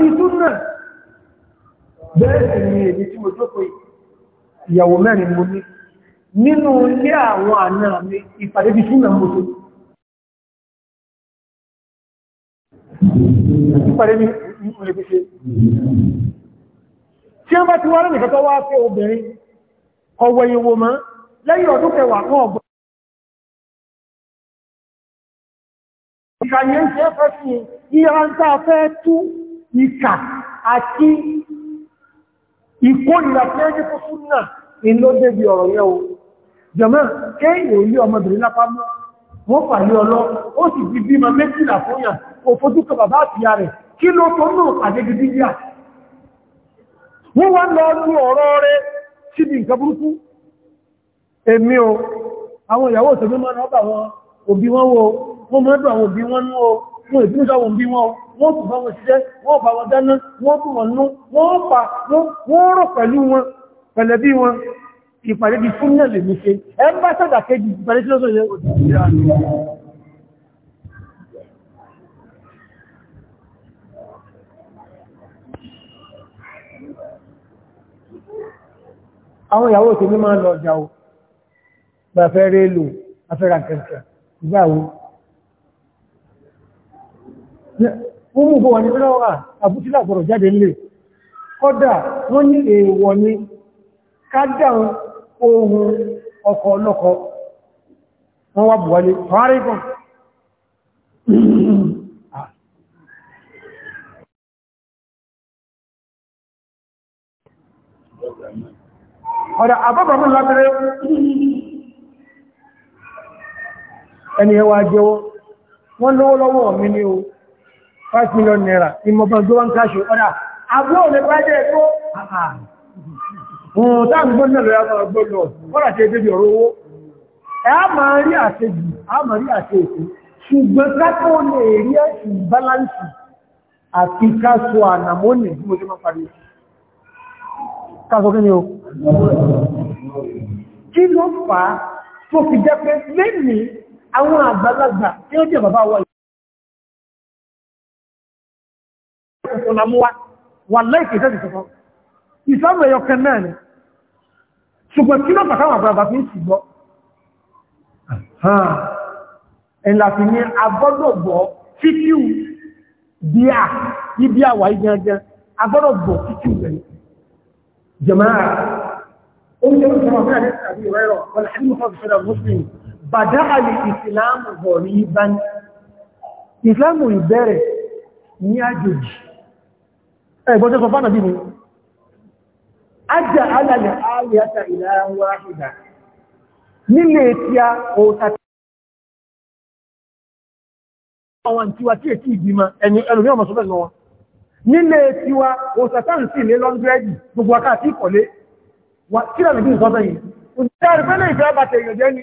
níbi súnnà bẹ́ẹ̀ ni èdè tí mo jókòó ìyàwó mẹ́rin mo ní nínú ilé àwọn àna mi ìpàdé bí súnnà mo tó ìpàdé bí ìpàdé bí ṣe tí a bá ti wá lẹ́nìí kẹta wá fẹ́ obìnrin ọwọ́ ìwò máa lẹ́yìn ọdún kẹwàá kan ọgbọ̀n ìkàyẹ̀ ń ṣe fẹ́ sí ìyàrántà fẹ́ tú ìkà àti ìkórìlà fẹ́ẹ́jẹ́ tó fún náà ni ló débi ọ̀rọ̀ yẹ́ o jẹ̀mọ́ kéèyàn ilé ọmọbìnrin lápámọ́ wọ́n pàlé ọlọ́ ó sì ti bímọ méjìlá fóyàn kò fojú kọ bàbá àtìyà rẹ̀ kí ló tó náà àdébí bíbíà wọ́n wá lọ ní ọ̀rọ̀ rẹ̀ síbi nǹkan burúkú èmi o àwọn ìyàwó òbí wọn wo wọ́n mọ́ àwọn òbí wọn nú o ìpínlẹ̀ sáwọn òbí wọn wọ́n kù bá wọn ṣiṣẹ́ wọ́n bá wọn dáná wọ́n bù wọn nú wọ́n pa wọ́n rọ̀ pẹ̀lú wọn pẹ̀lẹ̀bí wọn ìpàdé di fún náà lè mú ṣe ẹ ìpàdé tí lọ́sọ̀ ilẹ̀ àwọn ìyàwó ìgbàwó wọ́n mú bọ́ wà ní pẹ́lọ́wà ah, àbútílà gbọ́rọ̀ jáde nílé kọ́dà wọ́n ní èèwọ̀ ni kádà ohun ọkọ̀ ọlọ́kọ̀ wọ́n wá lábẹ́rẹ́ ẹni ẹwà jẹ́wọ́ wọ́n lówó lọ́wọ́ mi ní o 5 million naira ni mo bọ́n gbọ́n káṣù ọ̀dá àbúrò lè bá jẹ́ ẹ̀kọ́ ọ̀hún táàmì gbọ́n náà lọ́yà máa gbọ́n lọ kọ́nà tí ebébì ọ̀rọ̀ owó ẹ á máa rí àṣejù á máa rí àṣejù ṣùgbọ́n kákó lè rí ẹ̀sùn báláǹsì àti káṣọ ànàmónì bí mo ṣe máa parí káṣọ kí ni o kí ló fà á tó fi jẹ́ pé lẹ́nìí àwọn àgbàlagbà tí ó jẹ́ bàbá wọ ìsọ́mọ̀ ẹ̀yọ kan náà ni ṣùgbọ́n kí ló pàtàwọn àgbàlagbà fi ń ṣùgbọ́ ẹ̀làfì ni agbọ́dọ̀gbọ́ fíkíù bí ibi àwà igangan agbọ́dọ̀gbọ́ fíkíù rẹ̀ jẹmáà oúnjẹ oúnjẹ ọmọ bàdáàlì ìsìláàmù bọ̀rí ìbáni ìsìláàmù ìbẹ̀rẹ̀ ní àjòjì ẹgbọ́n tó sọ fánà bí ní ajá alàlẹ̀ alìyàtà ìlàrán wáhìdà nílé tí a òtàtà àwọn tíwa tí èkí ìgbìmọ̀ ẹni ẹlùmí ọmọ sọ́fẹ́ lọ wọn nílé tíwa òtàtà ń sí ilé lọ́ndrẹ́dì gbogbo akáàtí ìkọ̀lé wà kí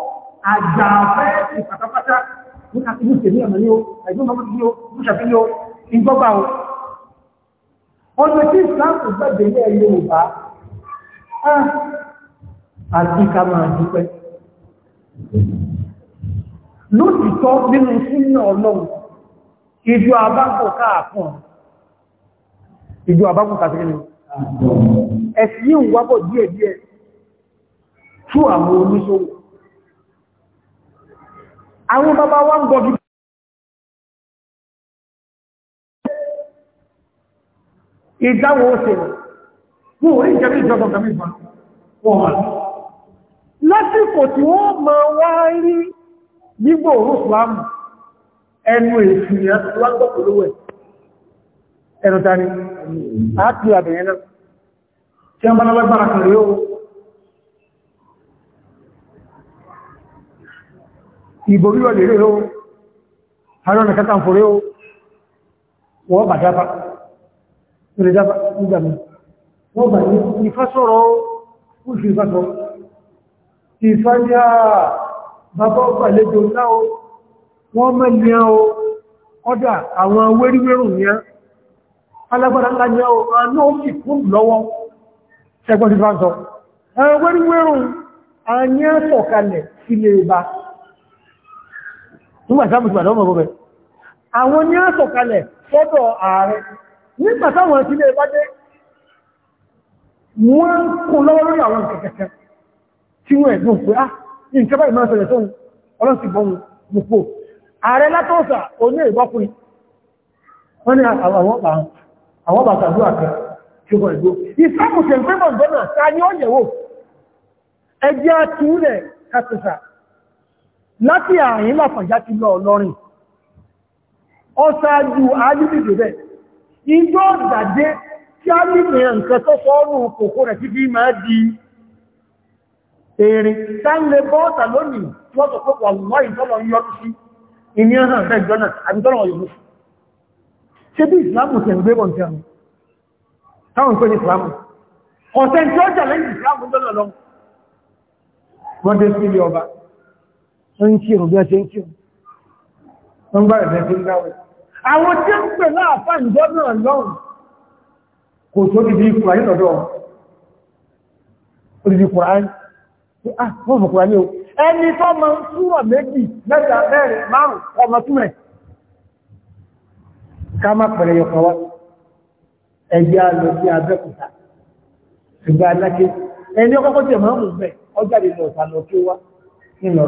àjàfẹ́ ìpàtàpátá ní àtìlú tèmí ọ̀nà ní o ẹ̀gbọ́n mọ́mọ́ ní o búṣàfí ní o ìgbọ́gbà o ọdún tí islam kò gbẹ́gbẹ̀ ilẹ̀ yorùbá àti ká máa dúpẹ́ lótìtọ́ nínú sínú ọlọ́run ìjọ àbákò káàkùn ìjọ àbákò kàtìrì ẹ̀sìn ìwábọ̀ díẹ̀díẹ̀ tú àwọn oníṣòwò àwọn bàbá wa ń gọ̀gì ìdáwò òṣè fún orí ìjẹ́bí ìjọba ọ̀gá mẹ́fà wọ́n wà lásìkò tí wọ́n ma wá rí nígbò orúsùlámù ẹnu èsì ìrìnàtọ́lọ́gbọ̀pọ̀lówẹ̀ ẹnu ìbò rírọ̀ lè rẹ̀ o àwọn ọ̀nà kankan fòrẹ́ o wọ́n bà dápa rẹ̀ dápa nígbà mi wọ́n bà ní ìfásọ́rọ̀ ó fi ìfásọ́ ìfájá bàbá ọgbà lẹ́jọ náà wọ́n mẹ́lẹ́ o kọ́dà àwọn wéríwérùn ní alágbára ńlá ní ọ àánú òkè fún lọ́wọ́ ṣẹgbọ́n ti nígbà sáàmù ti bàdọ́ mọ̀gbọ́ bẹ̀. àwọn ní àtọ̀kalẹ̀ fọ́dọ̀ ààrẹ nígbà sáwọn sílé bá dé wọ́n kún lọ́wọ́ lórí àwọn kẹ̀kẹ̀kẹ́ tí wọ́n ẹ̀gbùn pé á ní ìkẹ́bà ìmọ̀ ṣẹlẹ̀ tó ń ọlọ́sì bọ́n gbogbo ààrẹ látọ́sà oní ìgbọ́kùnrin wọ́n ní àwọn bàtà ló àkẹ́ tí ó bọ̀ ìgbó ìsáàmù tẹ̀ ń pẹ́ láti ààrin láfàjá ti lọ ọlọ́rin ọsáájú alìbìdò bẹ́ ìjọ ìdàdé tí a nílẹ̀ nǹkan tó fọ́ọ̀rù kòkó rẹ̀ títí máa di èrìn sáńlẹ̀ bọ́ọ̀tà lónìí wọ́n tó pọ̀ wọ́n ìtọ́lọ̀ yọrù sí ìní ọ̀hàn bẹ́ẹ̀ jọ́nà àbítọ́lọ̀ yọrù sí ṣe bí ìsìlámù tẹ̀ ń gbébọn tẹ̀ táwọn ìpé ń kírùn bí ẹ ṣe ń kírùn wọ́n bá ẹ̀bẹ̀ tí ń dáwẹ̀ àwọn tí ń pè láàfá ìjọ kò tó dìdí lọ́dọ̀ dìdí ma ń méjì mẹ́ta mẹ́rin márùn ọmọ ká má pẹ̀lẹ̀ ẹgbẹ́ sí ṣùgbọ́n ẹni ọkọ́kọ́ tí ẹ̀ máa ń mú bẹ́ẹ̀ ìsàlọ̀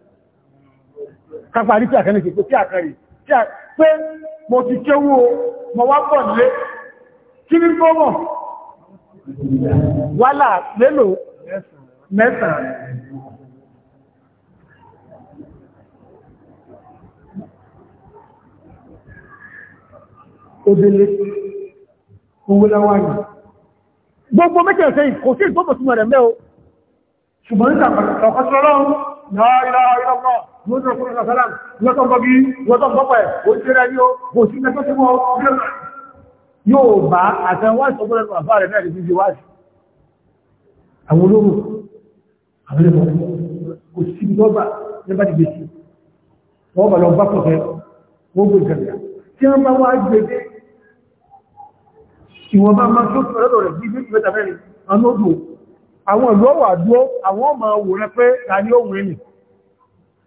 káparí tí àkẹ́ni kìí tí àkẹ́rì tí a pé mo ti kéwó mọ wá pọ̀ lé kí ní gbọ́mọ̀ wálà lélò mẹ́sàn òdèlé òwúláwáyìí gbogbo mẹ́kẹ̀ẹ́sẹ́ kò sí ìgbọ́mọ̀ tí mọ̀ rẹ̀ mẹ́ o ṣùgbọ́n ní lóòrùn ọkùnrin lọ́sọ́lá lọ́tọ́ gbọ́gí lọ́tọ́ gbọ́pẹ̀ òṣèré ní o bò sí mẹ́tọ́ tí wọ́n yóò bá àtẹwàṣì ọgbọ́n ẹ̀kọ́ àfáà rẹ̀ náà ti fi wáṣì àwọn olóòrùn àwọn ẹ̀kọ́ kò sí ibi tọ́gbà nígbà ti gbèsè wọ́n bà lọ bá pọ̀fẹ́ wọ́n gbé ìkẹ̀kẹ̀ tí wọ́n bá wá gbèdé ìwọ̀n bá máa tó lọ́dọ̀ rẹ̀ bí méjì mẹ́ta mẹ́rin àwọn ọdún àwọn ìlú ọwà dúó àwọn ọmọ òwúrẹ́ pé ta ni ó wùn ní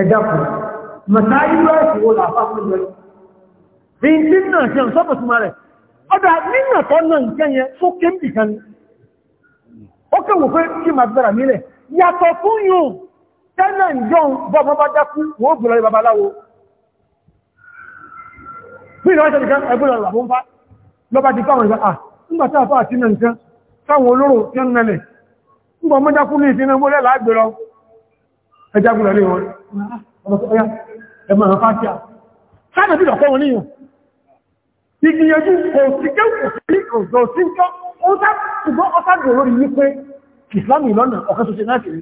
ẹ̀dàkùn mọ̀sáyíwá ìṣòwò làfáàmìlẹ̀ bí i tí náà ṣe ń sọ́pọ̀ súnmọ́ rẹ̀ ọdá nínà tọ́ náà nǹkan yẹn tó ké mì kan ó kẹwò pé kí ma gbẹ̀rẹ̀ mílẹ̀ yàtọ̀ fún yóò tẹ́lẹ̀ ìjọun bọ́bọ́ bá dákú wọ́n gbùrọ̀ ní babaláwo bí ìrọ̀ ṣe nìkan ẹgbẹ́ lọ́rọ̀ làbọ́n bá lọ́bá ti fáwọn ìgbà nígbà tí a fọ́ àti táwọn olóró tí ó ń nẹlẹ̀ nígbà mọ́jákú ní ìsinmi mọ́lẹ̀ láàgbèrọ ẹjágúnlẹ̀ lé wọn ọ̀rọ̀sọ́yá ẹmọ̀ àwọn fásíà sáàbẹ̀ bí lọ̀kọ́ wọn níyàn ìgbìyànjú kò sí kẹ́ òṣò sí ń tọ́ ṣùgbọ́n ọ́sàgbò lórí wípé ìsìlámù lọ́nà ọ̀kan ṣoṣe náà kìí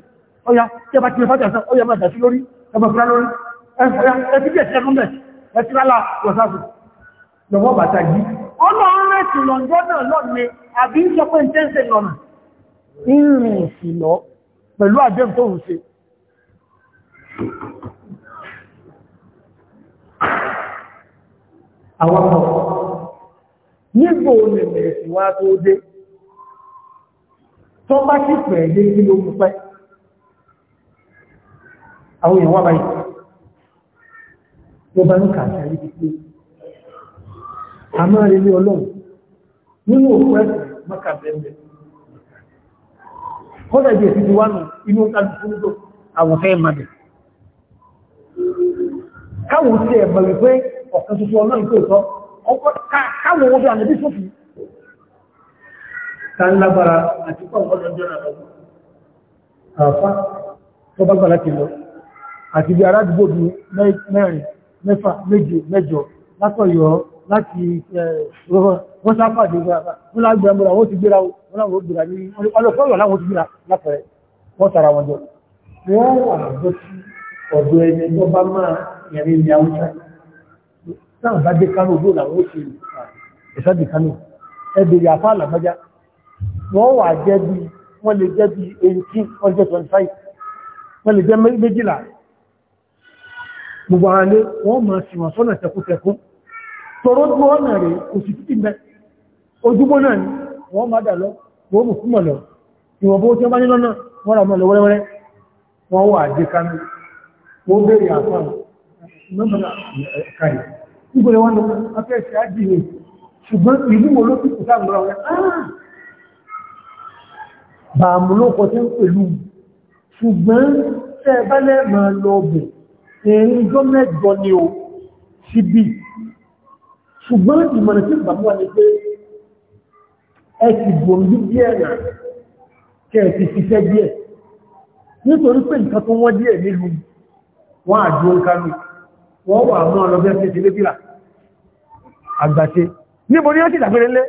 ọya tí a bá ti mẹ́ fásíà ọya máa dà sí lórí ẹgbẹ̀ fúra lórí ẹgbẹ̀ ẹgbẹ̀ ẹgbẹ̀ ẹgbẹ̀ ẹgbẹ̀ ẹgbẹ̀ ẹgbẹ̀ ẹgbẹ̀ ẹgbẹ̀ ẹgbẹ̀ ẹgbẹ̀ àwọn ọmọ nígbò lè bẹ̀rẹ̀ sí wá tó dé tó bá sì pẹ̀ dé kí ló mú pẹ́ àwọn èèyàn wà báyìí tó bá ń kà sí àyíkí pé a máa rí ní ọlọ́run nínú òkú ẹ̀sìn mọ́kà bẹ̀rẹ̀ kọ́dà jẹ́ sí ti wá nù inú kálùkù káwò tí ẹ̀ mọ̀ wípé ọ̀kan tuntun ọlọ́run tó tọ́ káwò wọ́n bí ànàbí sófì ta ń lágbára àti pọ̀lọ́dún láti wọ́n sáfàdé wọ́n lágbẹ̀ ọmọ àwọn ti gbéra wọ́n láwọn ògbèrà ní ọlọ́pọ̀lọ́ láwọn ti gbéra lápẹ̀ẹ́ wọ́n tara wọn jọ wọ́n wà lọ́jọ́ sí ọ̀dọ̀ ẹni tó bá máa yẹ̀rin ilẹ̀ haúsá náà bá dé kánò bó làwọn òṣè ìṣàdì kánò ẹbẹ̀rẹ̀ àfá àlàmọ́já wọ́n wà jẹ́ bí wọ́n lè jẹ́ bí 18 wọ́n jẹ́ 25 wọ́n lè jẹ́ méjìlá gbogbo àrẹ wọ́n máa sì wọ́n sọ́nà tẹkútẹkú tọrọ tí wọ́n nà rẹ̀ kò sì títí mẹ́ ojúgbó náà ni wọ́n máa wà jẹ́ wọ́n bèèrè àfáà mọ́bàlá ẹ̀kàrí nígbèrè wọn afẹ́ ṣe ájì ní ṣùgbọ́n ìlú wo ló fi kù sáà mọ́ra wọn ah! bàmù ló kọ tí ń pẹ̀lú ṣùgbọ́n tẹ́ bá lẹ́mà lọ bù ẹ̀rin jọ mẹ́jọ ni ó ti bí ṣùgbọ́n ìmọ̀nà tí bàmù ní pé ẹ bòmí díẹ̀ náà kẹ́ ẹ ti díẹ̀ nítorí pé nǹkan tó wọ́n díẹ̀ nílùú wọ́n àjú ń kánú wọ́n wà mọ́ ọlọ́bẹ́ sí ti lébìlà àgbàṣe níbo ni ó ti dàgbére lé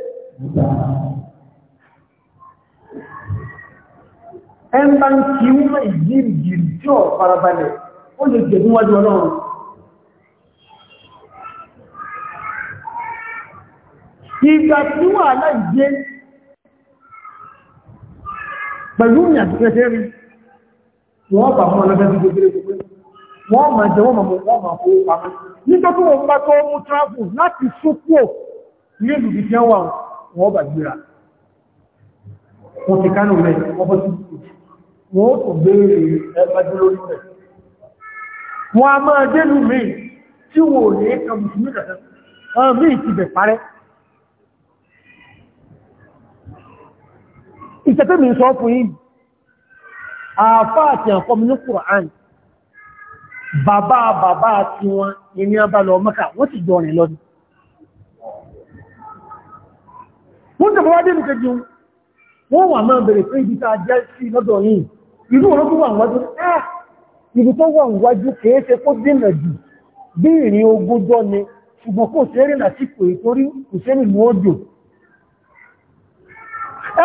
ẹmbá ń kí ń mẹ́ ìgbìrìgbìrì tí ó farabalẹ̀ ó lè jẹ̀ níwájú ọlọ́run ìgbà tí wà láìgbé pẹ̀lú ìyàtúkẹ́ sí rí wọ́n bà ọlọ́bẹ́ sí gbogbo wọ́n ma jẹ wọ́n ma mọ̀ wọ́n ma kó pamọ́ nígbà tó wọ́n bá tó mú travel láti sókò ní ìlú bí jẹ́ wà wọ́n bà gbéra wọ́n ti kánú rẹ̀ wọ́n bọ́ sí wọ́n tó béèrè ẹgbàjú lórí rẹ̀ wọ́n a máa dénú mi tí wò ní ẹ̀kà mùsùlùmí kàtẹ́ ọ̀rọ̀ mi ti bẹ̀ parẹ́ ìtẹ́tẹ́ mi sọ fún yìí bàbá bàbá tí wọn ní ọba lọ mọ́kà wọ́n ti jọ rìn lọ́dún wọ́n tẹ̀bọ̀ wá dínú kejì wọ́n wà máa bèèrè fún ibi tàà jẹ́ sí lọ́dọ̀ yìí irú wọn tó wà wájú ah ibi tó wà wájú kèése kó dínà jù bí ìrìn ogójọ́ ni ṣùgbọ́n kò sí rìn àti pè torí kò sí rìn lóòjò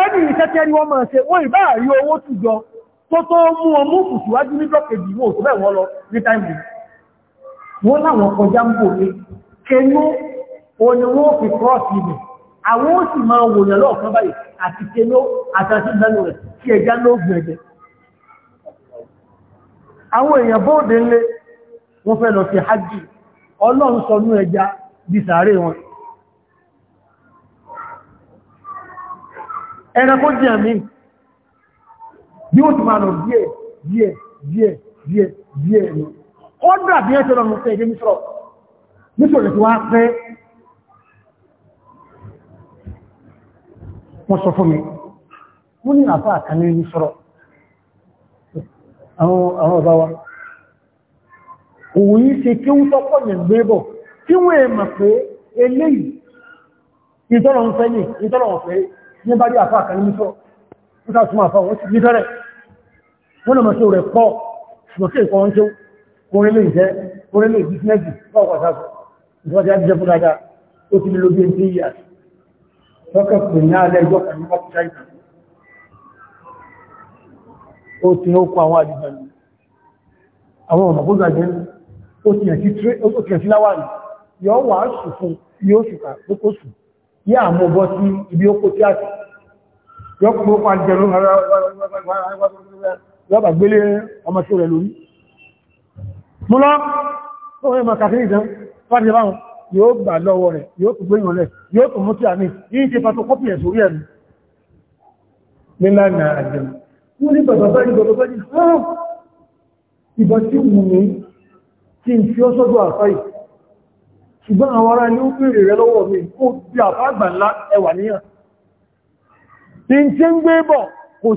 ẹni ìṣẹ́kẹ́rí wọ́n máa ṣe wọ́n ìbá àrí owó tùjọ tó tó mú ọmú kùsùwájú ní dọ́kejì wò tó bẹ̀ wọ́n lọ ní táìmù wọ́n láwọn kọjá ń bò pé kẹnú oní wọ́n fi kọ́ọ̀sì ibẹ̀ àwọn ó sì máa wòyàn lọ́ọ̀kan báyìí àti kẹnú àtàtì ìdánù rẹ̀ kí ẹja ló gbẹ̀ ẹ̀jẹ̀ àwọn èèyàn bóòdé ńlé wọ́n fẹ́ lọ sí hajji ọlọ́run sọ ní ẹja bí jẹ́ àmì bí ó ti máa lọ díẹ̀ díẹ̀ díẹ̀ díẹ̀ díẹ̀ ni ó dàbí ẹ́sẹ̀ lọ mọ̀sẹ̀ èdè mísọ̀rọ̀ mísọ̀rọ̀ tí wá pẹ́ wọ́n sọ fún mi wọ́n ní àfá àkàní mísọ̀rọ̀ àwọn ọba wa òun ṣe kí ń tọ́pọ̀ yẹn gbébọ̀ tí wọ́n è mọ̀ pé eléyìí ìtọ́lọ̀ ń fẹ́ ní ìtọ́lọ̀ ń fẹ́ ní bá rí àfá àkàní mísọ̀rọ̀ wọ́n lọ mọ̀ṣẹ́ rẹ̀ pọ̀ mọ̀ṣẹ́ ìkọ̀wọ́n tó kórílé ìṣẹ́ kórílé bísínẹ́sì pọ̀pọ̀ sáfẹ́ ìfọ́dí àjíjẹ́ fún dáadáa ó ti lóbi ẹni tí yíyà tọ́kẹ̀ pè ní alẹ́ ìjọ kan ní wọ́pù ṣáìtà ó ti ó kọ àwọn àdìgbà ní àwọn ọmọ kó gbàgbé ó ti yàn sí láwà ní yọ wà á sùn fún yóò sùn kà ó kó sùn yí àmú bọ́ sí ibi ó kó tí àti yọ kó kó àjẹrún ara wà lọ́bà gbélé ọmọ tí ó rẹ̀ lórí mú lọ ọmọ ìmọ̀ kàkiri ìdán fàájì báwọn yóò gbà lọ́wọ́ rẹ̀ yóò tó gbéyàn lẹ̀ yóò tó mú tí a ní yìí ti fàtó kọ́pì ẹ̀ sórí ẹ̀rù nílànà àjẹ́mù wọ́n ní bàbá bá ní bàbá bá ní hàn ìbọn tí wù mí kí n fi ọ́ sọ́dọ̀ àfáì ṣùgbọ́n àwọn ará ní ó bèèrè rẹ lọ́wọ́ mi kó bí àfá àgbà ńlá ẹwà níyàn tí n tí ń gbé bọ̀ kò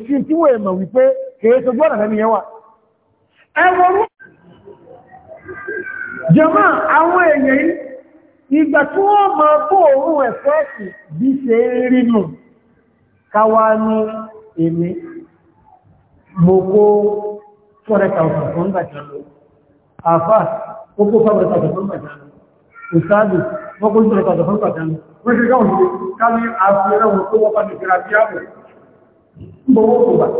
kìí sojú ọ̀nà fẹ́mi yẹn wà ẹwọ̀rú jẹmọ́ àwọn èèyàn ìgbà tí wọ́n ma bó òun ẹ̀fẹ́ ẹ̀sì bí ṣe rí nù káwà ní èmi gbogbo 200,000 fún bàjá lọ àfà gbogbo 500,000 fún bàjá lọ òsáàdù gbogbo 200,000 fún bàjá lọ wọ́n ṣe káwọn ní ká ní àfihàn wọn tó wọ́pá ní ìfìrà bí áàbò gbogbo kò bàjá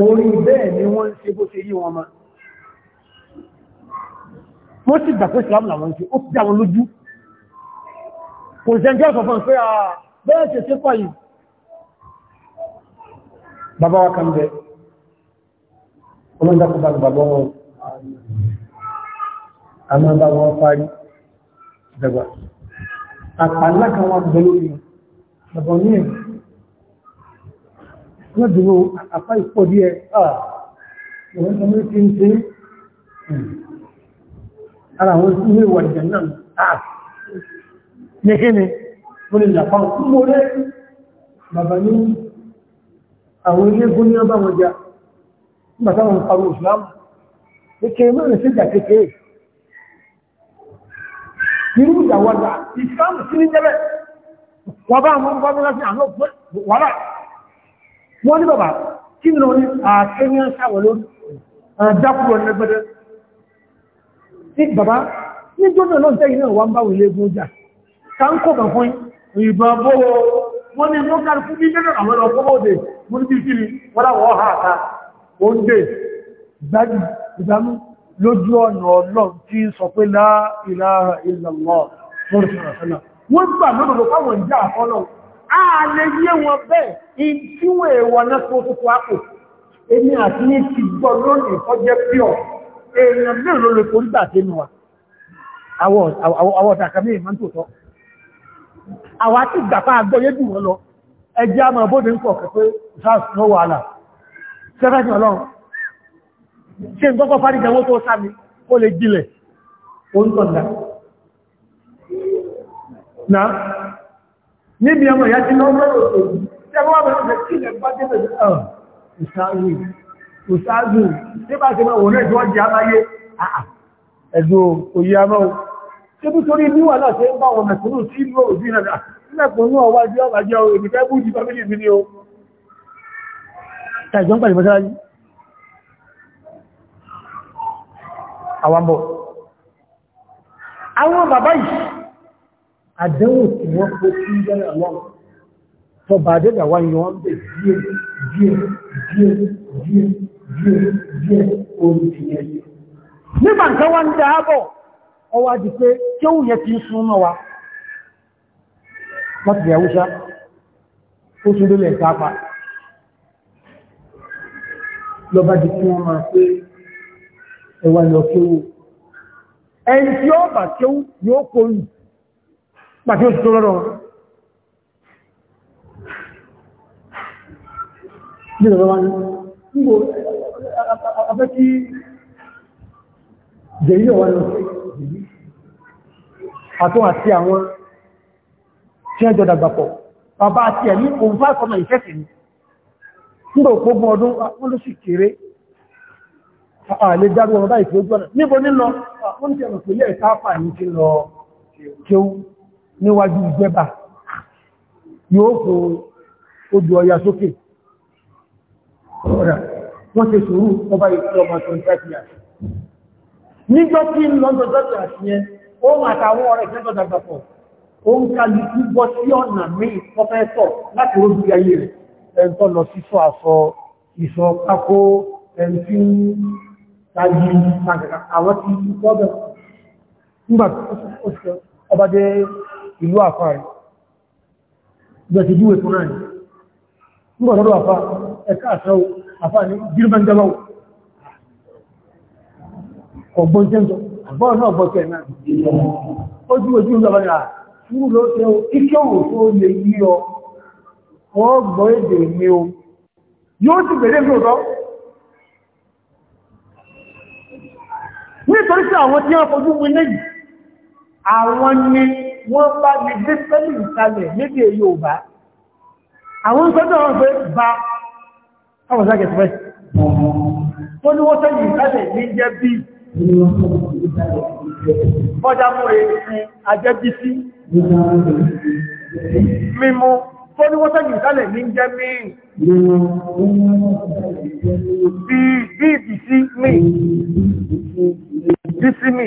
orí bẹ́ẹ̀ ni wọ́n ń ṣe bó ṣe yí wọn ma wọ́n sì gbà pé Islam làwọn ṣe ó ti dáwọn lójú kò sẹ́jọ́ ọ̀sọ̀fọ́n pé à bẹ́ẹ̀ ṣe ṣe pàyì bàbá wa kan bẹ ọlọ́dàkùnbà bàbá wọn a máa bá wọn parí dẹ̀gbà àpàlákan wọn wọ́n dúró àpá ìpọ̀ díẹ̀ ah, ara àwọn ilé ìwà ìjẹ̀ náà àà ah, ní kí ni mo lè làpá mú rẹ̀ bàbá ní àwọn ilé gún ní ọba wọn jà nígbàtà wọn parò ìsìlámù kékeré mẹ́rin sí ìjà kékeré irú ìjà wọ́n dà ìsìlámù sí ní jẹ́bẹ̀ wọ́n bá àwọn ọmọ wọ́n ní bàbá kí ni wọ́n ní àkẹ́yàn sáwọ̀ lórí dákùrọ̀ nẹgbẹ́dẹ́ ní bàbá ní jọ́nà náà tẹ́yìn náà wà ń bá wùlé egun jà ká ń kọ̀kàn fún ìbàbọ̀ wọ́n ní lókàrí fún bí jẹ́nà àwọn ọkọ̀wọ́dẹ̀ mú ní kíkiri wọ́n láwọ́ ọ̀há àta oúnjẹ gbájú ìdánú a lè yé wọn bẹ́ẹ̀ ìtíwọ̀ èèwọ̀ náà tó fúnfún àpò èmi àti ní ti gbọ́ lónìí kọjẹ́ píọ̀ èèyàn mẹ́rin ló lè forí gbà tẹ́nu wa àwọ̀ ọ̀tàkà mẹ́rin máa ń tò tọ́ àwọ̀ àti ìgbàpá agbọ́yé jù wọ́n lọ ẹjẹ́ a máa bóde ń pọ̀ kẹfẹ́ ìsáàsùn níbi ọmọ ìyá ti lọ́wọ́ lọ́rọ̀ tó tí a bá wọ́n bẹ̀rẹ̀ sí ilẹ̀ bá dé bẹ̀rẹ̀ ọ̀ ìsáàzù ìsáàzù tí bá ti máa wọ̀n náà tí wọ́n jẹ́ amáyé ah, ah, ẹ̀dùn òye amọ́ tí bí torí ní wà láti ń bá wọn mẹ̀kúnnù tí ìlú òbí náà nílẹ̀kùn ah, ní ọwá jẹ́ ọ̀bà jẹ́ òbí fẹ́ bú o ẹ̀jọ́ ń pàdé mọ́sáájú àwọn àwọn bàbá yìí àdánwò tí wọ́n kó sí yẹ́rẹ̀ ọlọ́run tó bá dẹ́gbà wá yọ ọ́n bẹ̀ díẹ̀ díẹ̀ díẹ̀ díẹ̀ díẹ̀ díẹ̀ orí ti yẹ nígbà nǹkan wá ń dáábọ̀ ọwá di pé kí ó yẹ ti ń súnmọ́ wa láti ìyàwó sá ó tún lélẹ̀ sápa lọ́ba di kí wọ́n máa pé ẹwà lọ kéwò ẹni tí ó bà kéwò yóò kó yìí pàtí ó ti tó lọ́rọ̀ wọn ní ọ̀rọ̀ wá ní gbogbo afẹ́ kí jẹ̀yí ọ̀wá lọ àtún àti àwọn tí ẹjọ́ dàgbàpọ̀ bàbá òun fà sọmọ ìfẹ́sì ni nígbà òpógún ọdún wọ́n ló sì kéré àlè dágbọ́n bá ìfẹ́ ojú ọ̀nà níbo nílọ wọ́n ti ẹ̀rọ pẹ̀lú ẹ̀ta àpà ní ti lọ kéwú níwájú ìjẹba yóò kó ojú ọya sókè ọ̀rà wọ́n ṣe sòrò ọba ìfẹ́ ọmọ 25 years níjọ́ kí ń lọ́jọ́ jọ́jọ́ àṣíyẹ ohun àtàwọn ọ̀rẹ́ ìjẹ́jọ́ dàgbàpọ̀ ó ń kàlù kú bọ́ sí ọ̀nà míì pọ́fẹ́sọ̀ láti rójú ayé rẹ̀ ẹ̀ntọ́ lọ sí sọ àsọ ìsọ pákó ẹ̀ntí tàbí àwọn tí wọ́n bẹ̀rẹ̀ ìlú àfá rẹ̀ ìjọ ti jíwẹ̀ fún ráyìn nígbà lọ́dọ̀ àfá ẹ̀ká àṣáwò àfá ní gírman jamáwò ọgbọ́n jẹ́jọ àbọ́n náà bọ́ kẹ́ náà ó jíwẹ̀ jíwẹ̀ lọ́wọ́ ní o kíkẹ́ òwò tó lè yí o yóò sì bẹ̀rẹ̀ lóòtọ́ nítorí sí àwọn tí wọ́n fojú wọn lẹ́yìn àwọn ni wọ́n bá ní gbé pẹ́lú ìkalẹ̀ níbi èyí ò bá àwọn ìpẹ́lú àwọn pé bá àwọ̀sáàkẹ̀ fẹ́ tó ní wọ́n tẹ́lú ìkalẹ̀ ní jẹ́ bí ọjàmúre ajẹ́bí sí mímú tó ní wọ́n tẹ́lú ìkalẹ̀ ní jẹ́ mí bí ìbí sí mí bí sí mí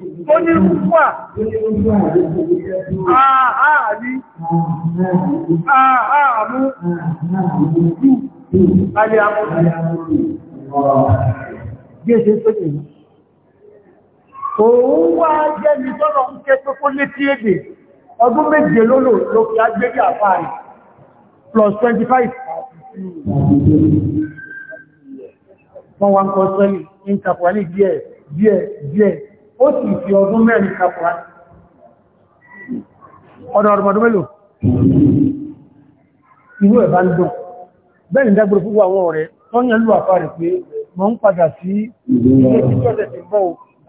ó ní rúfà àárí àárú jù alẹ́ amúrú gẹ́ẹ̀ṣẹ́ tó ní òun wá jẹ́ ní tọ́nà ń kẹ́ tó kó létí èdè ọdún méje lólò ló fi agbérí àfáàrí plus 25 wọ́n wá ń kọ́ sẹ́lì ní ìtàkùnrin díẹ̀ díẹ̀ díẹ̀ ó sì fi ọdún mẹ́rin kàpùrá ọdún ọdún ọdún mẹ́lò inú ẹ̀bá ń dùn bẹ́ẹ̀ ni dágbòrò púpọ̀ àwọn ọ̀rẹ́ tọ́yìn lù àfá rẹ̀ pé mọ́ ń padà sí ilé ìjọ́sẹ̀ tí bọ́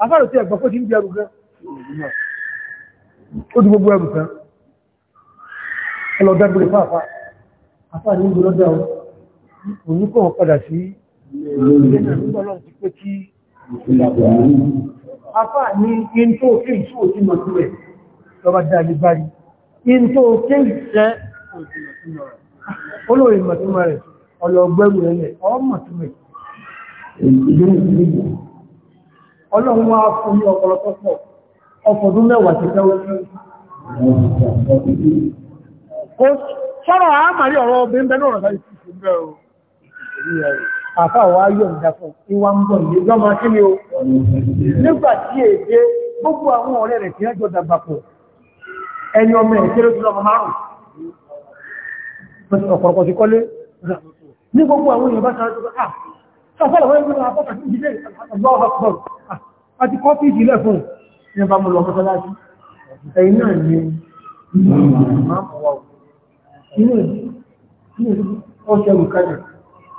afárò tí ẹ̀gbọ́n kó ti ń bí ẹrù gan ó di gbogbo ẹrù kan ẹlọ dágbòrò fún àfá afá ní in tó kí tí ó mọ̀ sí rẹ̀ lọ́bá dáadé báyìí in tó kí jẹ́ olóòrè mọ̀túnmọ̀ rẹ̀ ọlọ́gbẹ́rù ẹlẹ̀ ọmọ̀túnmọ̀ ọlọ́run wá fún ní ọ̀pọ̀lọpọ̀ ọkọ̀dún mẹ́wàá ti tẹ́wọ́ àfà wá yọ̀ ń dáfọ́ ìwà ń bọ̀ yìí lọ́mọ kí ni o nígbà tí èdè gbogbo àwọn ọ̀rẹ́ rẹ̀ tí ẹjọ́ dàgbàpọ̀ ẹni ọmọ ìkéré tó lọ́mọ márùn-ún ọ̀pọ̀lọpọ̀ ti kọ́lé ní gbogbo àwọn èèyàn bá sáré tó ah sọ́fọ́lọ̀ wọ́n ń bá pọ̀ sí ìdílé àgbọ́wọ́ pọ̀ àti kọ́pì ìdílé fún ní bá mú lọ mọ́sálásí ẹ̀yìn náà ni máa mọ̀ wà ó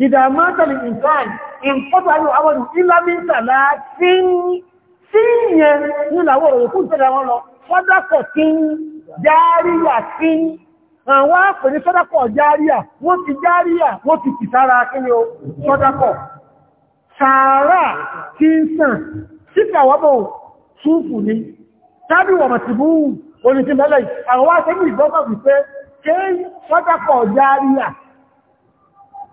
إذا مات الإنسان انقطع عنه عمله إلا من ثلاث سنين من أول يكون سنة ولو صدقة جارية àwọn àpẹẹrẹ sọ́dọ̀kọ̀ járíà wọ́n ti járíà wọ́n ti ti sára kíni o sọ́dọ̀kọ̀ sàárà tí ń sàn síkà wọ́bọ̀ túnfù ní tábí wọ̀n màtìbú orin tí mẹ́lẹ̀ àwọn wá sẹ́gbì ìgbọ́gbọ̀ wípé kéé sọ́dọ̀kọ̀ járíà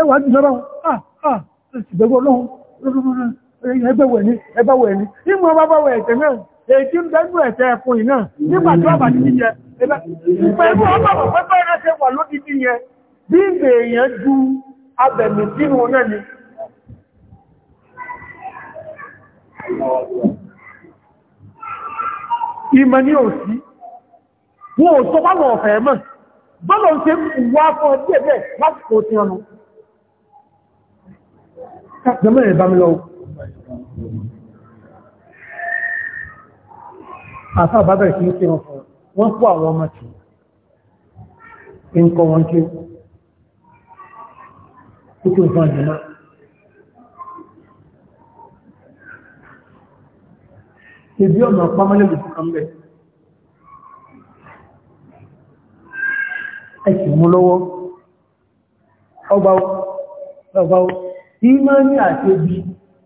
ẹwà jù sọ́rọ̀ ìgbẹ̀gbọ́ lọ́hun ẹgbẹ̀wẹ̀ ní ẹgbẹ̀wẹ̀ ní ìmọ̀ ọbábáwẹ̀ ẹ̀tẹ̀ náà èyí ń dẹ́gbù ẹ̀tẹ̀ ẹ̀kùn ìná nígbà tí wọ́n bà ní jíjẹ pẹ̀lú ọmọ pẹ́pẹ́ ẹ̀rẹ́ ṣe wà lódìdí yẹn bí ń bè èèyàn ju abẹ̀mì sínú náà ni ìmọ̀ ní òsí wọn ò sọ fáwọn ọ̀fẹ́ mọ̀ bọ́lọ̀ ń ṣe wá fún ọdí ẹ̀bẹ̀ láti kò sí ọ̀nà jẹmọ́ ẹ̀ mi lọ àfá àbábẹ̀rẹ̀ kìí tí wọ́n fún wọ́n kó àwọn ọmọ tí ń kọ kí ó kí nǹkan àjẹ́má ibi ọmọ pàmọ́lẹ̀ lè fún ọmọ ẹ̀kì mú lọ́wọ́ ọgbáwó ọgbáwó ìmánì ní obi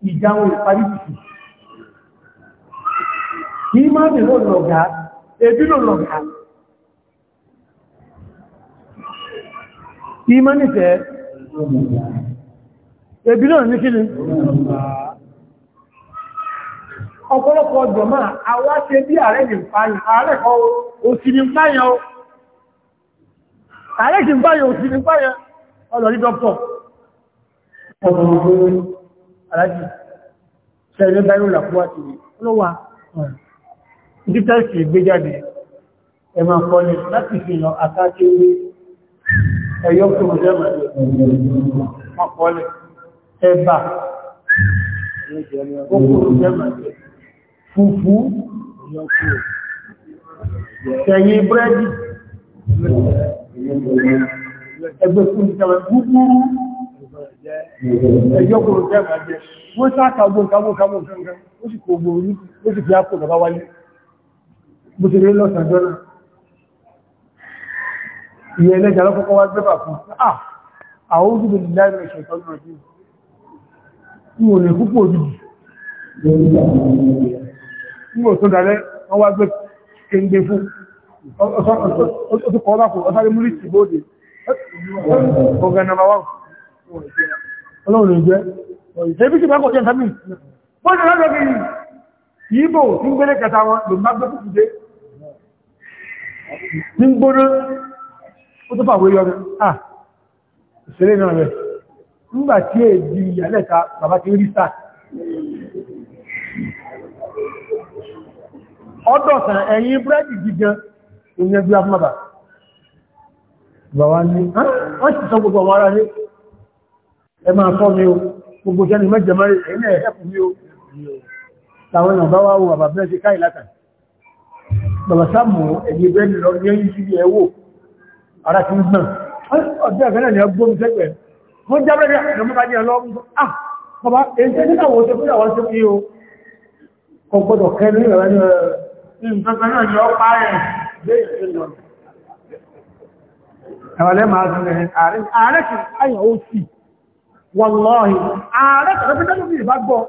ìjáwọn ìparí tìtì ìmánì lọ lọ̀gá ebi ló lọ̀gá ìmánì tẹ́ ebi náà ní kí ni ọ̀pọ̀lọpọ̀ ọjọ́ máa àwa bí ààrẹ ní ìpáyàn ààrẹ kọ òsì ní ààrẹ ọdún ọgbẹ́ alájì ṣẹlẹ̀ báyìí làpúwà ti rí olówà dítẹ́sì ìgbéjáde ẹ̀mà kọlẹ̀ láti fi lọ àkáàkì orí ẹ̀yọ́ fún ọjọ́ ẹ̀bà okùnrin jẹ́mà fùfú ẹ̀yìn búrẹ́dì ẹgbẹ̀kùn ìjọba gbúgbúrú ẹjọ́ kòrò tẹ́mà jẹ́ wọ́n sáàkà ogun kagbó kagbó gangan ó sì kò gbò orí ó sì fi ápò bàbá wálé bó ti rí lọ́sàájọ́ náà ìyẹ ẹlẹ́jà lọ́kọ́kọ́ wá gbẹ́bà fún àwọn ojú bèèrè láìrẹ̀ ìṣẹ̀tọ́jú rẹ̀ ní ò lè púpọ̀ ojú ní ò tó dalẹ́ wọ́n wá gbé kéńgbé fún ọ̀tọ́kọ̀ọ́bàkù ọ̀sáré múlì tìbóde ọ̀gá nàbà wà ọlọ́run ìjẹ́ ṣebí sí bákọ̀ jẹ́ sami bọ́jẹ̀ lọ́dọ̀ bí yíbò tí ń gbẹ́lẹ̀ kẹta wọn ló má gbẹ́kù dé ní gbóná ó tó pàwé yọ ah ìṣẹ́lẹ̀ náà rẹ̀ nígbà tí è di ìyàlẹ́ta bàbá ti rí sáà ọdọ̀sàn ẹ̀yìn búrẹ́dì gígan ìyẹn bí a fún bàbá bàbá ní wọ́n ti sọ gbogbo ọmọ ara ní ẹ máa fọ́ mi o gbogbo jẹ́ni mẹ́jẹmọ́ ilẹ̀ ẹ̀kùn mi o láwọn èèyàn bá wá wo bàbá bẹ́ẹ̀ ṣe káì látà bàbá sáàmù ẹ̀yẹ bẹ́ẹ̀ lọ ní ẹyí sí ẹwò ara ti ń gbọ́n ọdún ẹ̀fẹ́ náà gbóhùn sẹ́gbẹ̀ẹ́ wọ́n jábẹ́ rẹ̀ ah bàbá èyí tẹ́ nígbà wọ́n ṣe fún àwọn ṣe fi o kò gbọ́dọ̀ kẹ́ ní ìrẹ̀lẹ́ nǹkan kan náà yọ pa ẹ̀ bẹ́ẹ̀ ṣe lọ ẹ̀wọ̀n wọ́nlọ́ọ̀hì ààrẹ tẹ̀lẹ́fẹ́tẹ́lú ní ìbágbọ́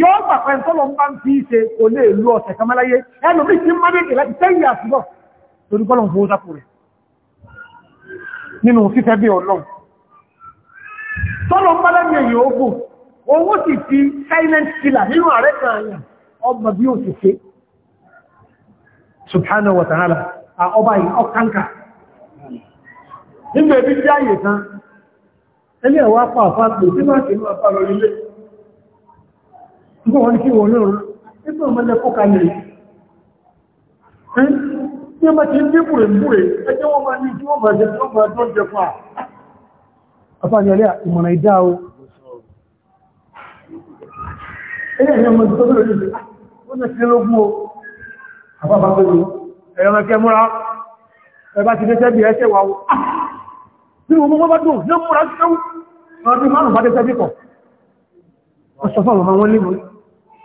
yóò pàpẹ́ tọ́lọ̀ ń bá ń fi ṣe kò lè lú ọ̀sẹ̀ kamaláyé ẹnu bí ti má dékè láti tẹ́yì àṣìlọ́ torí kọ́lọ̀ fowó sápò rẹ̀ nínú fífẹ́ bí ọlọ́run tọ́lọ̀ ń bá lẹ́nu èyí ogun owó sì fi silent killer nínú ààrẹ kan àyàn bí ó sì ṣe subhanahu wa ọba yìí ọkànkà nígbà jẹ́ àyè kan ẹlẹ́ ẹ̀wọ́ apá àfáàgbò tí máa kìí máa fà lọ ilé ṣùgbọ́n wọ́n kí wọ́n lọ́rùn nígbà ọmọdé fọ́kà lè tí ó máa ti ń débùrè múrè ẹjẹ́ wọ́n máa ní tí wọ́n máa jẹ tí wọ́n máa tó jẹ fà àfáàgbò ẹlẹ́ ìmọ̀ràn ìdá o ẹlẹ́ ẹ̀yọ́ ọmọdé tó lórí ilé ah, wọ́n ti lógún o àbábá tó lórí ẹ̀yọ́ mẹ́kẹ́ múra ẹ bá ti dẹ́sẹ́ ah, bí ẹ ṣe wà ó Tí mo mọ́ bá dùn, ní ó múra ṣẹ́wọ́ ọdún márùn bá dé sẹ́bí kọ̀ ọ̀sọ̀ fún ọmọ wọn léwu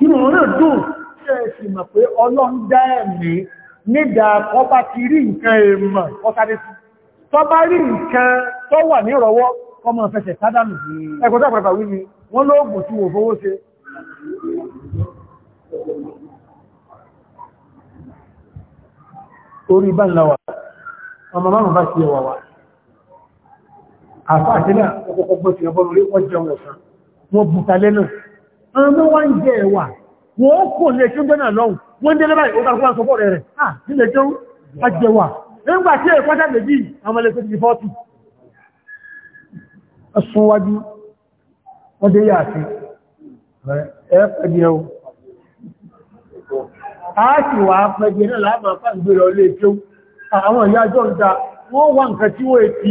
inú wọn náà dùn ṣe é sì mọ̀ pé ọlọ́run dá ẹ̀mí nígbà ọba ti rí nǹkan èèmọ̀ ọ̀sáré sí tó bá rí nǹkan tó wà ní ìrọ̀wọ́ ọmọ ìfẹsẹ̀ sádánù ẹ̀kọ́ tó àpẹẹrẹ wí ni wọ́n lóògùn tí wò fowó ṣe orí bá ńlá wa ọmọ márùn bá ṣe wà wà àfáà tẹ́lẹ̀ ọkọ̀kọ́ gbọ́ sí ọgbọ́n orí wọ́n jẹun ọ̀sán wọ́n bùta lẹ́nà ọmọ wọ́n jẹ ẹ̀wà wọ́n kò lè ṣe gbẹ́nà lọ́wọ́ wọ́n dé lẹ́bàá ìwọ́n kàrùkú àṣọ́bọ̀ rẹ̀ rẹ̀ ah nílẹ̀ jẹun ajẹwà nígbà tí ẹ̀kọ́ jáde bí àwọn ẹlẹ́kọ́ ti fọ́tù ọsún wájú wọ́n dé yà sí ẹ̀ẹ́pẹ̀dẹ̀ o a sì wà pẹ̀dẹ̀ náà láàmà pàgbèrè ọlẹ́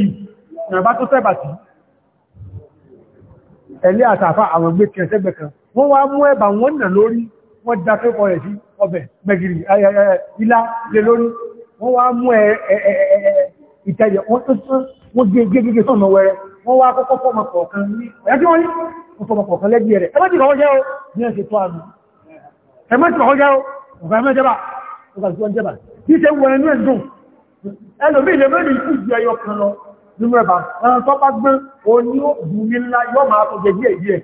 ìrìnàbá tó tẹ́bàtí ẹ̀lẹ́ àtàfà àwọn gbé kẹsẹ́ gbẹ̀kan wọ́n wá mú ẹ̀bà wọ́n nà lórí wọ́n dákẹ́kọ̀ọ́ rẹ̀ sí ọbẹ̀ gbẹ̀gìrì ilá lè lórí wọ́n wá mú ìtẹ̀yẹ̀ wọ́n gẹ́gẹ́gẹ́ sọ́nà wẹ́rẹ́ wọ́n wá kọ́kọ́ fọ́mọkọ̀ọ̀kan lẹ́gbẹ̀ẹ́ rẹ̀ ẹmọ́ nínú ẹ̀bà ẹran tó bá gbé o ní ó bù ní ńlá yóò máa tó jẹ díẹ̀ díẹ̀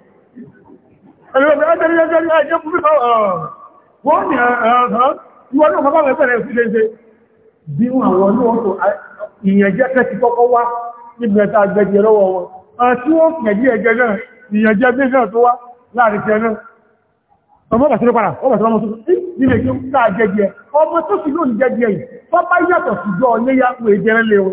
ìyànjẹ́ bí náà tó wá láàrin tí ẹ̀nà ọmọ ọ̀gá sílé padà ọmọ ìsọ́lọ́mọ tó nílé kí ó káà jẹ́jẹ́ ọmọ tó sì lóòrùn jẹ́jẹ́ yìí tó bá yàtọ̀ sí jọ léyà pé jẹ́rẹ́ léwọ́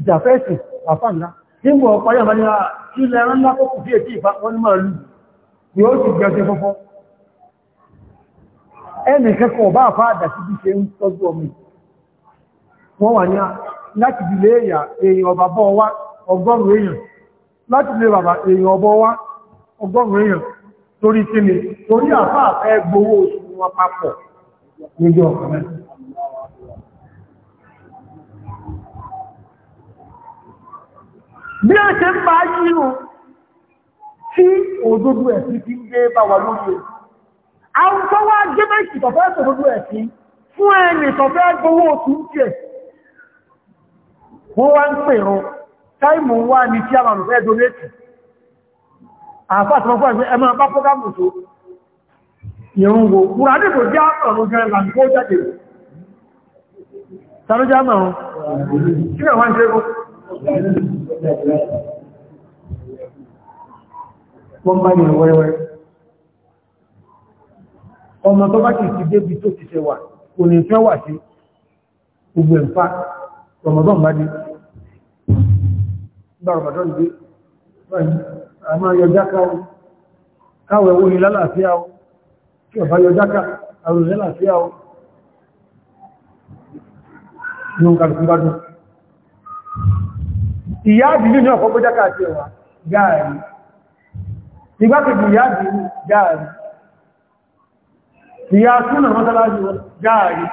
ìjàfẹ́ẹ̀sì àfáànlá nígbò ọ̀pọ̀ yàmà ní ah, ilẹ̀ ẹran ńlá kó kù sí èkí ìfà wọn máa lù ni ó sì gbẹ̀ẹ́sẹ̀ fọ́fọ́ kẹ́kọ̀ọ́ bá bí ṣe ń tọ́jú ọmọ wà ní ah, láti ọba bọ́ wá ọgọ́rùn bí ó ṣe ń bá yí tí òdodo ẹ̀sìn ti ń gbé bá wà lórí o àwọn wá gbé méjì tọ̀fẹ́ ẹ̀sìn fún ẹni tọ̀fẹ́ gbowó oṣù tiẹ̀ wọ́n wá ń pèrò táìmù wá ní tí a máa tí wọ́n fún ẹgbẹ́ ẹmọ bá jẹ́ jẹ́ wọ́n bá yẹn wẹ́rẹ́wẹ́ ọmọ tó bá kìí ti débi tó ti ṣe wà kò ní fẹ́ wà sí gbogbo ẹ̀fà rọmọdán bá dé bá rọmọdán dé àmá yọjáká o káwẹ̀ owó ni lálàáfíà o kí ọ̀fà yọjáká àrùn lálàáfíà o ní ọkàlùkù bá dùn ìyá àdìlú ní ọ̀pọ̀ gbọ́já káàkì ẹ̀wà gáàrí ìgbákejì ìyá àdìlú gáàrí ìyá súnà mọ́sálásí gáàrí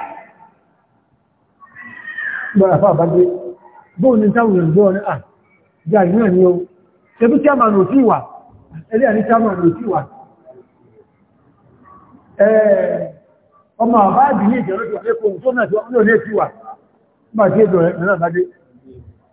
gbọ́nà fà bá gbé bóò ní táwọn ìrìnbó ọ̀nà à gáàrí náà ni ó ṣebí chairman ló ti wà ẹlẹ́ àní chairman ló ti wà ọmọ àbá àdìlú ìjẹ̀rọ̀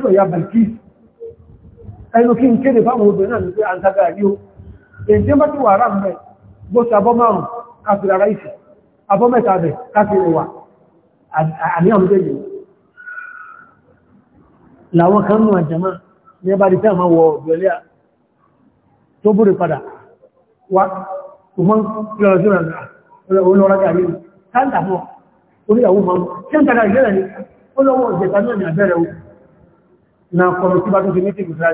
lọ́dọ̀ ya Balkis ẹnu kí n kéde fáwọn obìnrin náà ní pé àǹtagà ní o èyí tí ó bá ti wà rà mẹ́ bó ṣe abọ́ márùn-ún káfí rárá ìsì abọ́ mẹ́ta bẹ̀ káfí rẹ̀ wà àní àwọn méjèèjì làwọn kan nù àjẹmá ní ẹbá di tẹ́ẹ̀mọ́ wọ ọ̀gbẹ̀lẹ́ tó búrè padà wá kùmọ́ kílọ̀rọ̀ sí ọ̀rọ̀ na kọlu tí bá tó ṣe ní tìbù sáà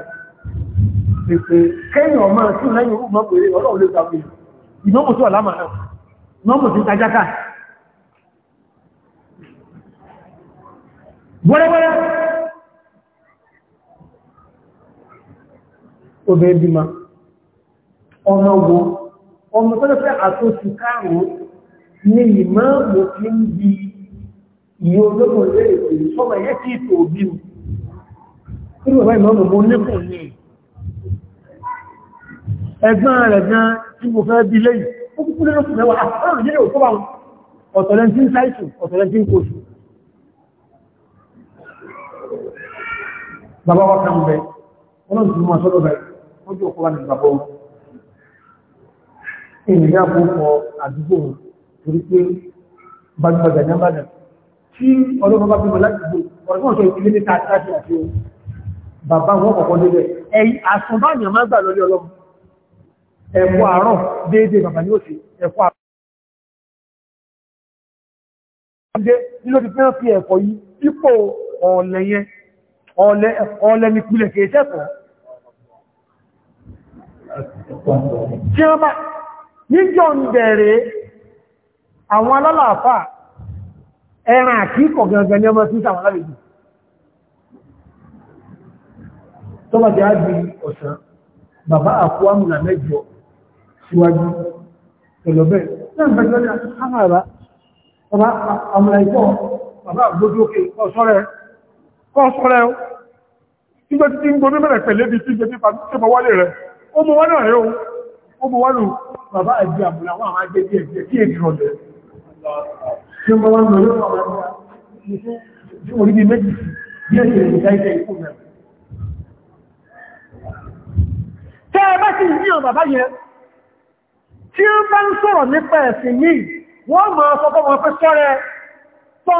ti pé kẹ́yìn ọmọ tí ó lẹ́yìn ọmọ pèrè ọlọ́run lè gbà wíyà ìnáwó tó àlámà náà nọ́mù tí tajáká wẹ́rẹ́wẹ́rẹ́ obìnrin bímọ ọmọ wo ọmọ tó lọ́pẹ́ àtòsù káàrùn-ún ní ìmọ́ mo kí bàbá ìmọ̀mù mo nípò ní ẹ̀gbọ́n rẹ̀ gan tí mo fẹ́ bí lẹ́yìn ó kúkú lẹ́nà fún mẹ́wàá àtàrà ah, nílé ah, òkú bá wọn ọ̀tọ̀lẹ́ntín sáìtù ọ̀tọ̀lẹ́ntín kòṣù bàbá wa kan bẹ ọlọ́run tí mo sọ́dọ̀ bẹ wọ́n jù ọkọ̀ wà ní bàbá wọn ènìyàn kò kọ àdúgbò torí pé gbajúgbajà ní àbádà tí ọlọ́run bá bí mo láti gbé ọ̀rọ̀ bàbá wọn kọ̀kọ́ débẹ̀ ẹ̀yí àsùnbáyàn má gbà lọ́lé ọlọ́run ẹ̀kọ́ àárọ̀ déédé bàbá ní òsì ẹ̀kọ́ àárọ̀ nílò ti fẹ́ràn fi ẹ̀kọ́ yìí ipò ọ̀lẹ̀ ní pílẹ̀ kìí sẹ́kọ̀ọ́ tí wọ́n bá níjọ́ ń bẹ̀rẹ̀ àwọn alálàáfà ẹran àkíkọ̀ gangan ní ọmọ sí sàwọn alálejò tó bá jẹ́ àgbì ọ̀sán bàbá àkó àmùnà mẹ́jọ síwájú pẹ̀lọ́bẹ̀ náà bẹ̀rẹ̀ lọ́nà àmàrà bàbá àmùnà ìpọ̀ bàbá àgbójókè ọ̀sọ́rẹ̀ ọ̀sọ́rẹ̀ ó nígbà títí ń gbómi mẹ́rẹ̀ pẹ̀lẹ́ bí tí jẹ́ pàtíkẹ́ mọ́ wálé rẹ̀ ó mọ́ wálé rẹ̀ ó mọ́ wálé bàbá àjẹ́ àmùnà wọn àwọn àjẹ́ díẹ̀ díẹ̀ tí èdè rọ̀lẹ̀ tí ó bá wá ń lọ lọ́wọ́ àwọn àjẹ́ tẹ́ ẹ bá sì bàbá yẹn tí ó bá ń sọ̀rọ̀ nípa ẹ̀sìn ní wọ́n máa sọ fọ́ wọn pé sọ́rẹ́ tọ́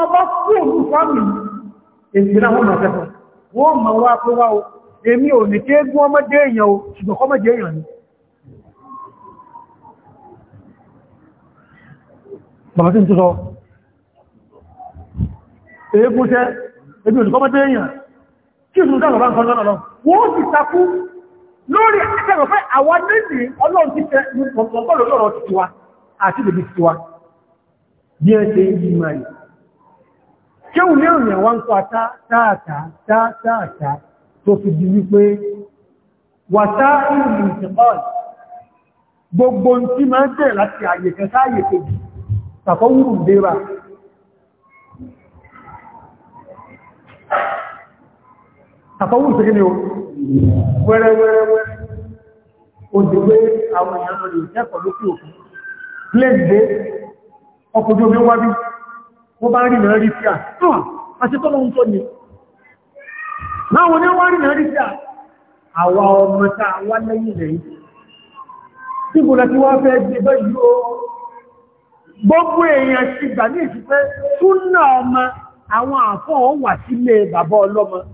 òun fámì ìgbìnà wọn máa kí égún ọmọdé èèyàn ń kọ́ lọ́nà lọ wọ́n sì takú lórí ẹgbẹ̀rún fẹ́ àwọn méjì ọlọ́run ti fẹ́ ọgbọ́lọ̀ lọ́rọ̀ ti wa àti bèbè ti wa bí ẹ ṣe yí máa yìí kéhùn ní òyìn wọ́n ń pa táàtà tó fi di wípé wàtá ìrìn ìtìpọ́l gbogbo tí máa ń tẹ̀ láti àyè kẹta àyè kejì tàkọ́wùrù dẹ́ra tàkọ́wùrù sí kí ni o wẹ́rẹ́wẹ́rẹ́wẹ́ òdìgbé àwọn èèyàn lọ lè kẹ́kọ̀ọ́ lókè òkun pléèdé ọkọ̀ ojú omi wá bí wọ́n bá rí náà rí sí à náà aṣetọ́mọ̀ ń tọ́ ni láwọn ní wọ́n rí náà rí sí à àwa ọmọ tá a wá lẹ́yìn rẹ̀ tí kò láti wá fẹ́ gbé báyìí ó gbogbo èèyàn ti gbà ní ìsúpẹ́ túnà ọmọ àwọn àfọ́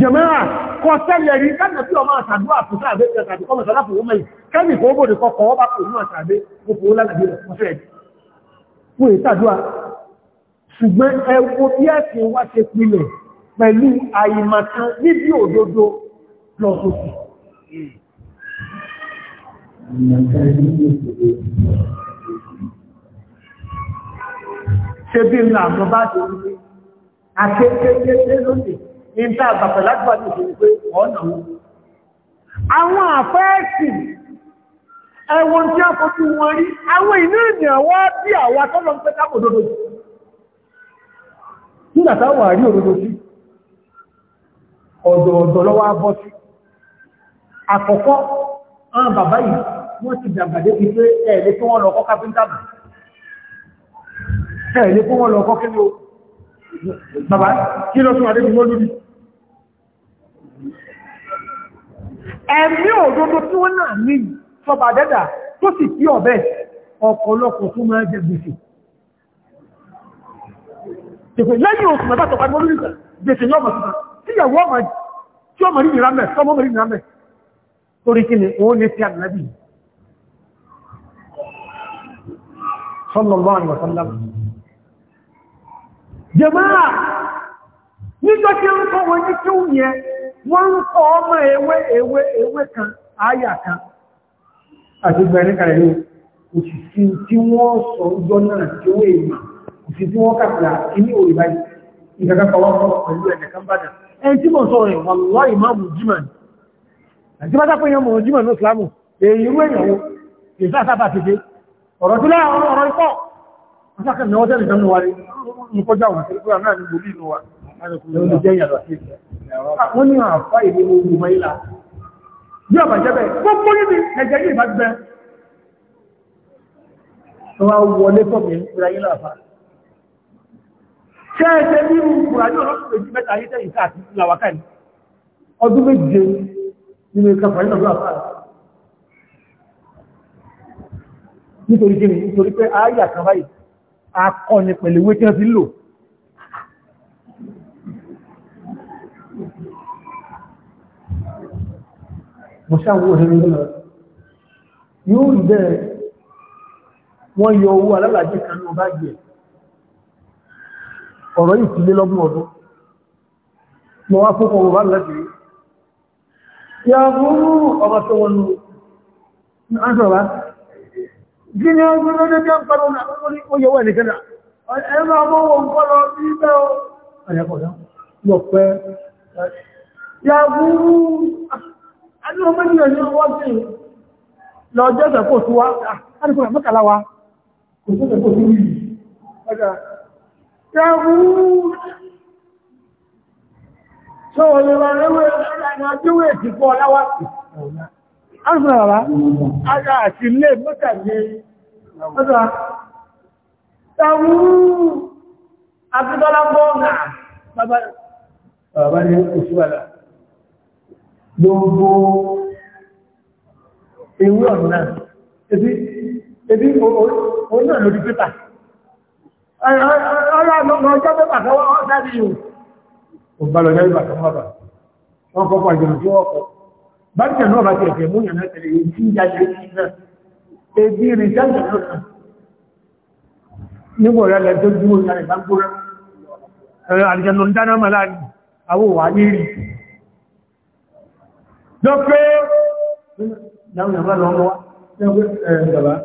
jẹ̀mẹ́rà kọ tẹ́lẹ̀ rí kẹ́lẹ̀ tí ọmọ àtàdúwà fún sáàbẹ́ ìrẹ̀tàdì kọmọ̀ sọ́lá fún ọmọ ìkẹ́lì kò bòdì kọkọ̀ ọba kò ní àtàdé gbogbo lálàbí rẹ̀ fún fẹ́ẹ̀dì wọ́n ìtàdúwà ṣùgbọ́n ẹwọ bí ẹ̀sìn wá ṣe pìlẹ̀ pẹ̀lú àìmọ̀kan níbi òdodo lọ́sọ̀sì ṣe bí ìlànà bá ṣe rí ní tá àgbàpẹ̀ lágbàdì ìṣẹ́ wípé ọ̀nà wọn àwọn àfẹ́ẹ̀sì ẹwọ́n tí a fojú wọn rí àwọn inú ènìyàn wá bí àwọn atọ́lọ ń pẹ́ kápò dodo nígbàtá wà rí òdodo sí ọ̀dọ̀ọ̀dọ̀ lọ́wọ́ ti dàgbà dé fi pé ẹ̀ẹ́lé kí wọ́n lọ kọ́ kápẹ́ńtà ẹ̀ẹ́lé kí wọ́n lọ kọ́ kí ni ó bàbá kí lọ́tún adébìmọ́ lórí ẹ̀mí òdodo tí wọ́n náà ní sọba dẹ́dà tó sì kí ọ̀bẹ́ ọ̀pọ̀lọpọ̀ tó máa jẹ gbèsè tẹ̀kọ̀ lẹ́yìn oṣù mẹ́ta tọ̀pá ní orílẹ̀ gbèsè yọ́ mọ̀síta tí ìyàwó ọmọ tí ọmọ rí nìra mẹ́ tọmọ rí nìra mẹ́ torí kí ni ó lé sí ànábì sallallahu alaihi wasallam jàmáà nígbà tí ó ń kọ́ wọn ní tí ó yẹ wọ́n ń kọ́ ọmọ ewé ewé ewé kan ayà kan àti gbẹ̀rin kàrẹ̀ yóò tí wọ́n sọ ọjọ́ náà tí ó tí wọ́n kàpìlà kí ní òrì báyìí ìgbàgbà wọ́n pẹ̀lú ẹ̀dẹ̀ ẹni sọ rẹ̀ wà lórí jẹ́yìn àlọ́ sí wọ́n ní àfá ìlú ogun mẹ́lá ní ọ̀bàjẹ́bẹ̀ gbogbo níbi ẹ̀jẹ̀ yìí bá gbẹ́ tó wá wọlé fọ́bí ìrìnlẹ̀ ayé láàfá ṣẹ́ẹ̀ṣẹ́ ní ìrìnlẹ̀ ọlọ́pùpù èjì mẹ́ta ayé tẹ́yìn káàkiri làwákà ní ọdún méje nínú ìkàfà nínú ọdún àfáà nítorí kí ni nítorí pé ayé àkàbáyì akọni pẹ̀lú wé tí wọ́n ti lò mo ṣáwọn òṣèré lọ yóò rí bẹ́ẹ̀ wọ́n yọ owó alálàájẹ́ kan ní ọba jẹ́ ọ̀rọ̀ yìí ti lé lọ́gbọ̀n ọdún mọ́ wá fún ọmọ bá lọ́gbẹ̀ẹ́ ya múrú ọmọ tó wọn lò ní àṣọ́bá gíní ọdún lọ́dẹ́ jẹ́ pẹ̀lú ọyọ̀wọ̀ ẹ̀nìkan ẹ̀rọ ọmọ wọn kọ́ lọ sí bẹ́ẹ̀ ọ ẹni ọmọ ní ọjọ́ wọ́n sí lọ jẹ́ ah, ẹ̀kọ́ tó wá àríkùnrin mọ́kànlá wa kò tó ẹ̀kọ́ tó rí ọjà Àbúdọ́lá bọ́ọ̀nà bàbá ní oṣù àlà gbogbo ewé ọ̀nà ebi oní ọ̀nà orí pépà ọ̀rọ̀ àgbọ̀gbọ̀ ọjọ́ pépà kan wọ́n sáré yìí ò bá lọ lẹ́yìn bàtà mọ́bà wọ́n kọ́kọ́ àjọ̀rọ̀ tí wọ́n kọ́ bájẹ̀ náà bá ti ẹ̀fẹ̀ mú yàn mẹ́tẹ̀lẹ̀ èyí tí jáde sí náà ebi rí jáde náà nígbò rẹ̀ lẹ́tọ́ dúró láì bá gbóra àdìjẹ̀ náà dáná mọ́ láàrin àwọn òwà ní rí dọ́pẹ́ dáwọn ìyàmọ́ lọ wá ẹgbẹ̀rẹ̀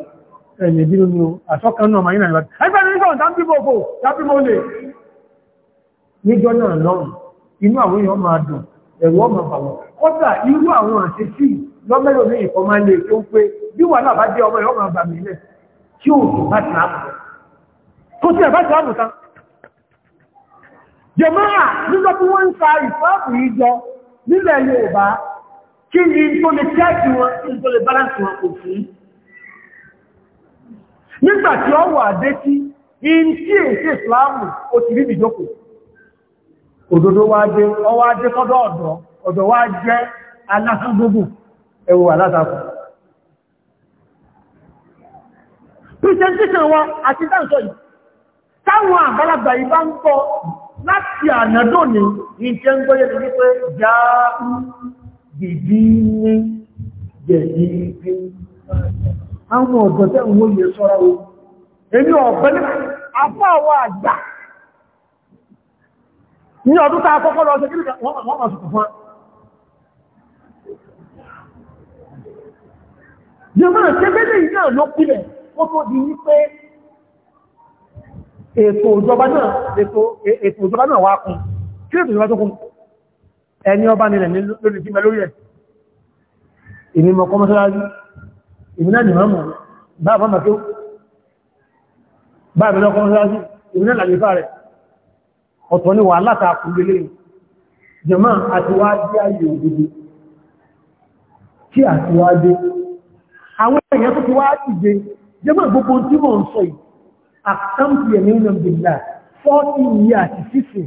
ẹ̀yẹ̀ bí nínú àṣọ́kan náà ma yínà ìwàdí ẹgbẹ́ ní ìgbọ̀n tàbí bòbò tàbí mo lè níjọ́ náà lọ́rùn inú àwọn èèyàn máa dùn ẹ̀rù ọmọ bàwọ̀ kọ́tà irú àwọn àṣẹ sí lọ́mẹ́lò ní ìkọ́ máa lè tó ń pé bí wà náà bá jẹ́ ọmọ ìyọ́ máa bà mí lẹ̀ tí ò sì bá ti láàmù tó sì ẹ̀ ti láàmù tán jẹ̀máà nígbà tí wọ́n ń sa ìfọ́ àpò jọ nílẹ̀ Yorùbá kí ni tó lè tẹ́ẹ̀kì wọn kí tó lè báláǹsì wọn kò fún nígbà tí ó tí in tí èsì ìsìláàmù ó ti rí ìjókòó òdodo wá dé kọ́dọ̀ ọ̀dọ̀ ọ̀dọ̀ wá jẹ́ ẹwọ alátakù ń gbìdí ní gbẹ̀dí bí àwọn ọ̀dọ̀ tẹ́ ìwò yẹ sọ́ra o èmi ọ̀pẹ́ ní afọ́wọ́ àgbà ní ọdún tàà kọ́kọ́ lọ sí kí wọ́n mọ̀ sùkù fún jẹ́mọ́ ṣẹ́gbẹ́lẹ̀ ìjọ́ ló kúlẹ̀ ó tó di wípé ètò ìjọba náà wá kí ètò ìjọba tó kún ẹni ọba nílẹ̀ lórí tí mẹ lórí ẹ̀ èmi mọ̀ kọmọ́sárájú èmi náà nìmọ̀ mọ̀ bá bá màkó bá ìbẹ̀lẹ̀ kọmọ́sárájú èmi náà làlẹ́fà rẹ̀ ọ̀tọ̀ ni wà látàkùnlélé jẹ̀mọ́ àtiwájí ayé òdúdú kí àtiwájí àwọn èèyàn tó ti wá ìgbé jẹ́mọ́ gbogbo tí mọ̀ ń sọ yìí àkáǹtì ẹ̀mí ìrìnàmdìlá 40 years 60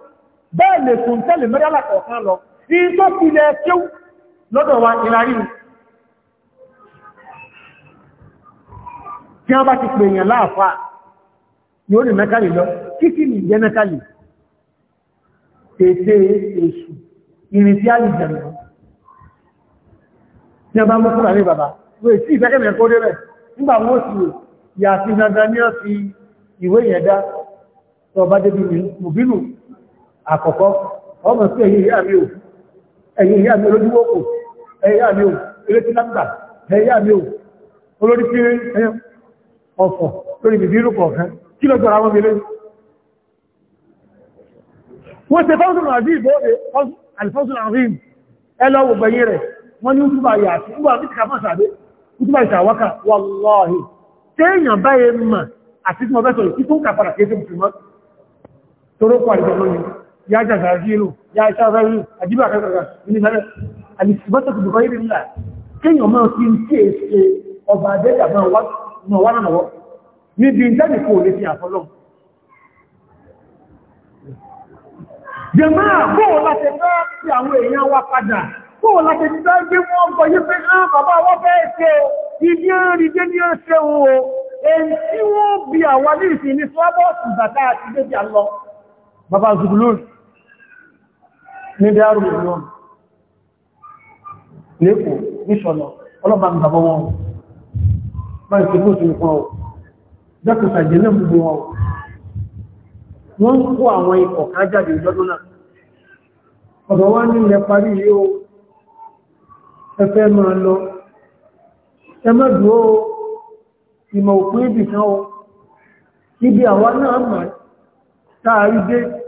bẹ́ẹ̀ lè tún tẹ́lẹ̀ mẹ́rẹ́lá kọ̀ọ̀kan lọ tí tó fi lẹ kíú lọ́dọ̀ wa ìrarí tí wọ́n bá ti pè èèyàn láàfà yóò ní mẹ́kàlì lọ kí kí ní jẹ́ mẹ́kàlì tètè èṣù ìrìn tí a lè jẹ̀rọ tí wọ́n bá mú fún àrí bàbá wọ́n sí ìfẹ́kẹ̀mẹ̀ kó dé rẹ̀ nígbà wọ́n sì yà sí dandan ní ọ̀sí ìwé ìyẹ̀dá tọ́ọ̀bá débi mòbínú àkọ́kọ́ ọmọ sí ẹ̀yìn ìyá mi ò ẹ̀yìn ìyá mi olójúwókò ẹ̀yà mi ò elétí lágbà ẹ̀yà mi ò olórí kí ọ̀fọ̀ lórí bìbí rúkọ̀ ọ̀kan kí lọ jọra wọn mìíràn wọ́n ṣe fọ́nsùn àti ìbóòdè alifọ́nsùn àríìm ẹlọ gbẹ̀yìn rẹ̀ wọ́n ní útúbà yàtí útúbà ní kàfà sàdé útúbà ìṣàwákà wọ́lọ́ọ̀hì téèyàn báyé mà àti tí wọ́n bẹ́ sọ̀rọ̀ kí tó ń kàfàrà kéèkéè mùsùlùmọ́ torókọ̀ àdìjọ́ lónìí ya jazariru ya ṣararri àjíbà kẹfẹ̀rẹ̀ ìlúfẹ́rẹ̀ alìsìbọ́tọ̀ tó bukọ́ ìrìnlá kíyàn mọ́ sí ń tí èsè ọba adẹ́jà náà wà náà wọ́ níbi ìjáde kò lè fi àfọ́lọ́ jẹmáà bóò láti fẹ́ sí àwọn èèyàn wa padà bóò láti fẹ́ gbé wọ́n gbọ́ yí pé á bàbá wọ́n fẹ́ ṣe ibi rí dé ní ọ̀ṣẹ́ se o èyí tí wọ́n bí àwọn ní ìsìn ní swabọ́ọ̀sì bàtà àti débi àlọ́ bàbá zùgbùlùn ní dáàrù ìlú lẹ́kùn ní ṣọ̀nà ọlọ́bàá bàbá wọn máa ti fún ìsinmi fún ọ jẹ́kùsà jẹ́ náà gbogbo wọn wọ́n ń kó àwọn ikọ̀ kan jáde ìjọ́dún náà ọ̀dọ̀ wá ní ilẹ̀ parí ìmọ̀ òpin ibì kan o ibi àwa náà mọ̀ táa rí dé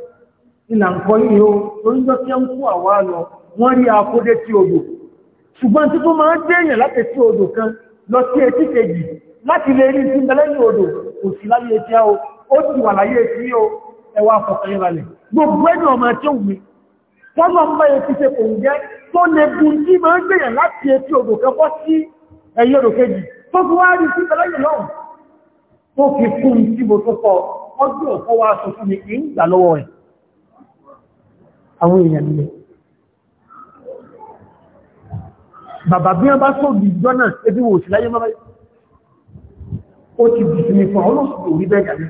ìlà nǹkan yìí o lóríjọ́ tí ó ń kú àwọ́ àlọ́ wọ́n rí akódé tí odò ṣùgbọ́n tí tó máa ń dẹ́yìn láti tí odò kan lọ sí etí kejì láti lè rí tí bẹ̀lẹ́yìn odò kò sí láyé etí ó ó ti wà láyé etí ó ẹwà fọkànlẹ̀ balẹ̀ gbogbo ẹni ọmọ tí sọ fún mi kì í lọ́wọ́ rẹ̀ àwọn èèyàn nílẹ̀ bàbá bí wọ́n bá sóògì jọ́nà ebi wò sí láyé mọ́báyé ó ti dìsí ní fún àwọn olóòsùn orí bẹ́ẹ̀ gàrí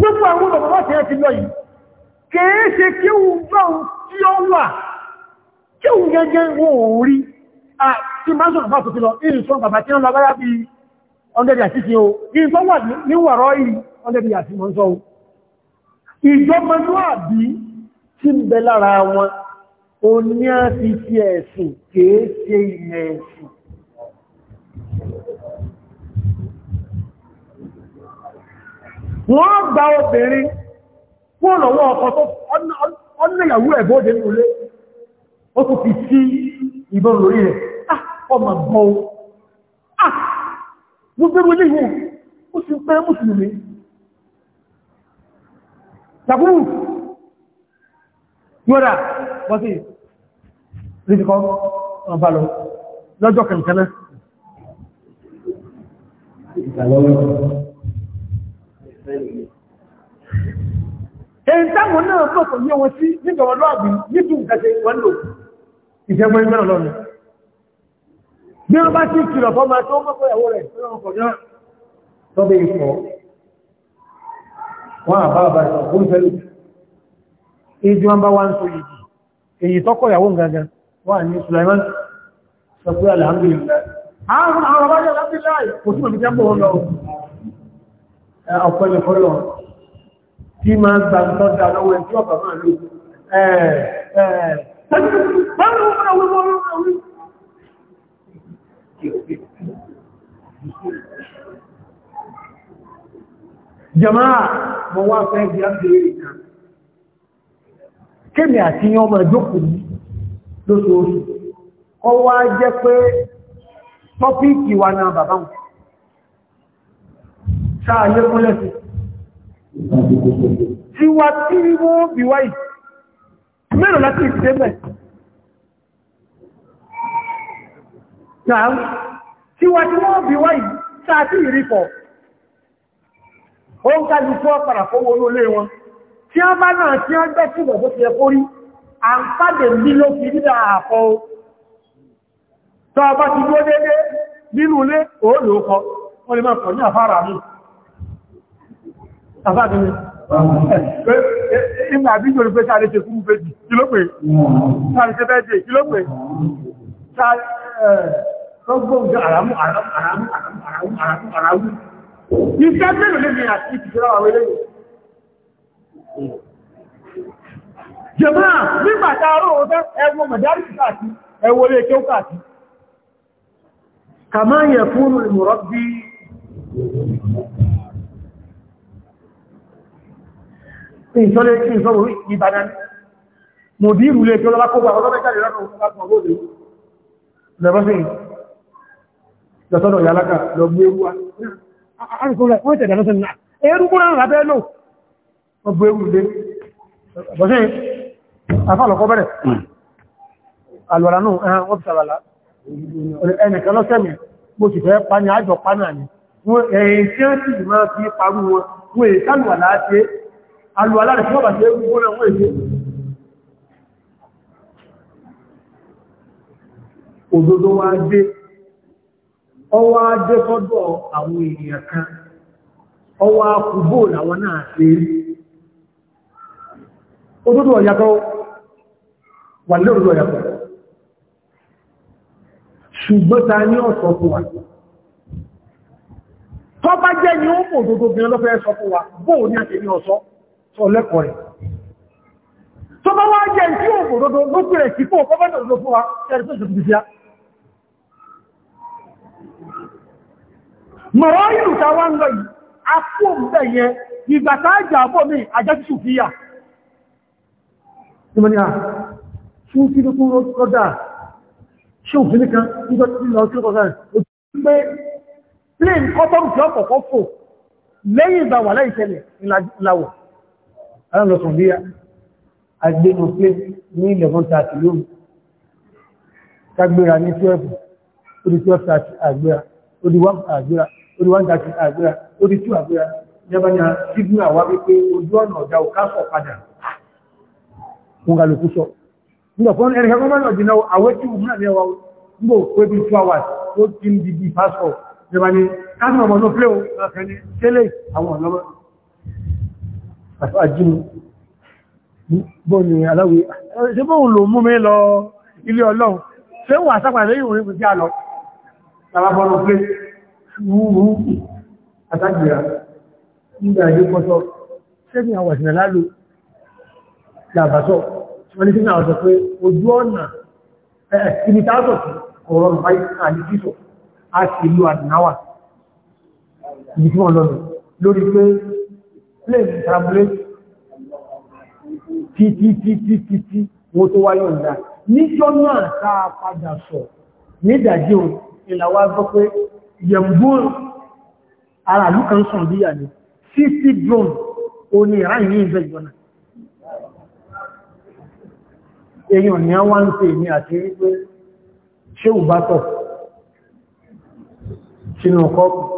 nípa àwọn bàbá bá tẹ́ ti lọ yìí kèé ṣe kí òun gbọ́n tí ó wà kí òun gẹ́gẹ́ wọn ò rí àti másùn àpá tuntun lọ ìrìnsọ́ bàbá tí ó lọ báyá bí 100 àti sí o ìrìnsọ́ wà níwàrọ́ yìí 100 àti mọ́ ìjọmọlúàbí tí ń bẹ lára wọn o ní a ti fi ṣe ilẹ̀ ẹ̀sìn wọ́n gba obìnrin fún ọ̀nàwọ́ ọkọ tó ọ́nàyàwó ẹ̀bọ́dé nílé ó tó fi sí ìbọn lórí rẹ̀ ah, ọmọ ah, gbogbo ilé ìwò ó Takúrù, yóò rà, wọ́n sí, ríkọ́, wọ́n bá lọ, lọ́jọ́ kankaná. Èyí táwọn náà kọ́kọ̀ yíò wọn sí nígbàwọ́ lọ́àbí nítù ìkàṣẹ wọ́n lò ìṣẹ́gbọ́ ìgbẹ̀rẹ̀ lọ́nà. Bí wọ́n bá tí kìlọ̀ fọ́ máa tó mọ́kọ̀ wọ́n àbá àbára òun fẹ́lú ìjú wọn bá wá ń so yìí èyí tọ́kọ̀ ìyàwó gangan wà ní Sulaiman sọ pé alhamdulillah àwọn ọba jẹ́ alhamdulillah kò túnmọ̀ bí jẹ́ bọ̀ wọn lọ ọ̀pọ̀lẹ̀ fọ́lọ̀ tí máa gbà ń tọ́ da lọ́wọ́ ẹ̀tí ọ̀pọ̀ máa lò ẹ̀ẹ̀ jẹmáà mọ́ wá fẹ́ bí ápùlẹ̀ ìkan kémi àti yan ọmọ ìjókòó lóṣooṣù ọ wá jẹ́ pé tọ́píìkì wa náà bàbá wọn sáà lékúnlẹ̀ sí tí wá tí wọ́n bí wáyìí mẹ́rọ láti ìsẹ́mẹ̀ náà tí wá tí wọ́n bí wáyìí sáà tí ìrìfọ̀ ó ń kájú tí wọ́n padà fówó olólé wọn tí wọ́n bá náà tí wọ́n gbẹ́ síbọ̀ tó fi ẹ kórí à ń pàdé bí ló fi dídà àpọ̀ o tọ́ ọba ti dúró déédé nínú ilé òòlò kọ wọ́n lè máa pọ̀ ní àfárà mi àfárà mi ìgbà àbíjò ní pé sáré ṣe fún méjì kí ló pé sáré ṣe àràmù àràmù àràmù àràmù àràmù Iṣẹ́ mélòó lè mi àti ìtìjọra àwọn eléyìí? Jẹ̀mọ́ nígbà tá a róò fẹ́ ẹwọ mọ̀dárì káàkì, ẹwọ ilé kí ó káàkì. Kàmá yẹ fún ìmọ̀rọ̀ bí ìṣọ́lé kí ìṣọ́rò Ìbàdàn. Mo dí ìrùlé kí ọlọ́lá kó gbà ọlọ́mẹ́ta ìrọ́rùn fún láti ọgbọ́ òdè. Lẹ́bọ́sí, lọ́tọ́dọ̀ àrùkù rẹ̀ wọ́n tẹ̀dà lọ́sẹ̀ náà ẹ̀rù kúrò náà lábẹ́ lò ọgbọ̀ ewu lé bọ́sẹ̀ afálọ̀kọ́ bẹ̀rẹ̀ alwàrà hmm. náà wọ́n fi sàrànlá ẹnìkan lọ́sẹ̀ mi mo sì fẹ́ pa ní àjọ pa náà ni ẹ̀yìn tí ó sì máa fi parú wọn wọ́n èyí sálùwàlá ṣe alùwàlá rẹ̀ fọ́bà ṣe ewu kúrò ọwọ́ adé àwọn èèyàn kan ọwọ́ akùgbò làwọn náà ṣe rí òdòdó ọ̀yàtọ̀ wà lórí ọ̀yàtọ̀ ṣùgbọ́n ta ní ọ̀sọ̀ fún wa tọ́ bá jẹ́ ní ó mọ̀ òdòdó bí ọlọ́fẹ́ sọ fún wa bóò ní àti ní ọ̀sọ́ mọ̀rọ̀ ìlú ta wá ń lọ yìí a kú òmùbẹ̀ yẹn ìgbà tá àjà àbọ̀ mi àjá ti ṣùfíyà ìmọ̀ ni a fún kí ló kún rọ́dà ṣe òfin nìkan nígbà tí lọ sí ọkọ̀ sáà ó ti pé plane kọ́tọ́rù tí ọkọ̀kọ́ fò lẹ́yìn ìgbà wà láìṣẹlẹ̀ ìlàwọ̀ alálọ́sùn bí agbénu pé ní 11:30 12 ó àgbéra ó di 1 àgbéra orí wọ́n dájú àgbéra orí tí àgbéra yẹ́bányà sígbìnà wá wípé ojú ọ̀nà ọ̀dá òkásọ̀ padà wọ́n ga lòkú sọ nígbàfọ́n ẹ̀rẹ̀kẹ́ gọ́mọ́nà ọ̀dínà àwẹ́ tí ó múnà lẹ́wà gbò pé bí 2 hours ó ti ń dìdì pásọ̀ yẹ́bányà káàkiri ọmọ náà fléwò akẹni tẹ́lẹ̀ àwọn ọ̀lọ́mọ́ àjímú bọ́ọ̀nì aláwẹ̀ ṣe bóun lò mú mi lọ ilé ọlọ́run ṣe wà ṣúúrú àtàgbìyà nígbà ayé kọ́sọ́ ṣẹ́gbìn àwọn àṣìnà lálò làbàtọ̀ wọ́n ní sínú àwọn sọ pé ojú ọ̀nà ẹ̀ẹ̀kìní tààtọ̀ ọ̀rọ̀ àìsíṣọ́ a sì lò àdínáwà ibi tí wọ́n lọ́nà lórí pé plane tablet títítítítí wọ́n tó wáyé ọ̀dá níjọ́ náà sáà padà sọ nídàjí ìlàwà gbọ́ pé yẹ̀mgbóòrò ara lúkan sàn bí yàní fífí drone o ní ìráyìn ní ìfẹ́ ìjọ́nà èyàn ni a wá ń pè ní àti wípé ṣé ò bá tọ̀ sínú ọkọ̀ọ̀kù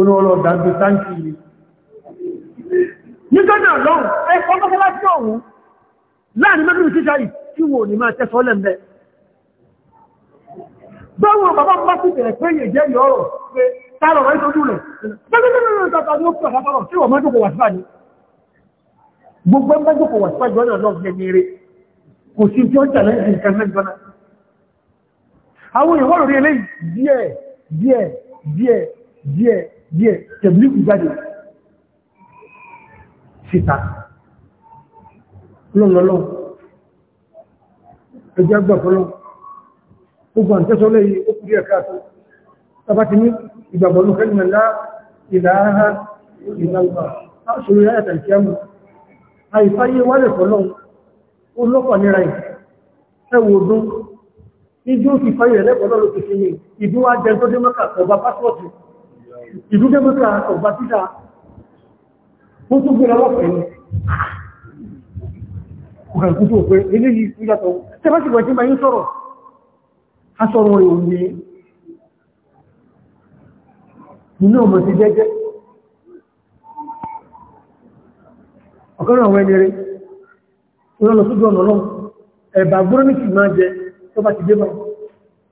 olóòlọ́dà gbé táǹkì ilé nígbọ́nà lọ́rùn ẹ̀kọ́ mọ́kọ́lá sí ọ̀hún láàrin mẹ́rin tíṣà ì tí wò ní máa tẹ́sọ́lẹ̀ mẹ́rin báwọn bàbá bá sì bẹ̀rẹ̀ pé yè jẹ́ yọ ọ̀rọ̀ pé tààrọ̀ rẹ̀ tó dúrẹ̀ àwọn ìwọ́n rí eléyìí díẹ̀ díẹ̀ díẹ̀ díẹ̀ díẹ̀ tẹ̀blíkù jáde síta lọ́lọ́lọ́ ẹjẹ́ gbọ́pọ̀lọ́pọ̀ gbogbo àǹtẹ́sọ́lẹ̀ yìí ó kúrí ẹ̀ká tó tàbá ti ní ìgbàgbọ́ ní kẹ́lìmẹ̀ lá ìlàáha ìlàlùbà ṣòro yáyàtà ìkíyàmù àìfáyé wálẹ̀ fọ́lọ́un ó lọ́pọ̀ níra ẹ̀ ẹwọ ọdún ijó ti fáyé rẹ̀ lẹ́kọ̀ọ́ lọ́lọ́ ti fi ní ìdú wa jẹ́ tó dé mọ́kà ọba pásọ̀tì ìdú dé mọ́kà ọba títà ó tún gbéra lọ́pẹ̀ asọ̀rọ̀ ìwòye nínú ọmọ ti jẹ́jẹ́ ọ̀kan àwọn ẹnìrẹ́ wọ́n lọ sójú ọ̀nà náà ẹ̀bà gbọ́nìkì máa jẹ tó bá ti dé báyìí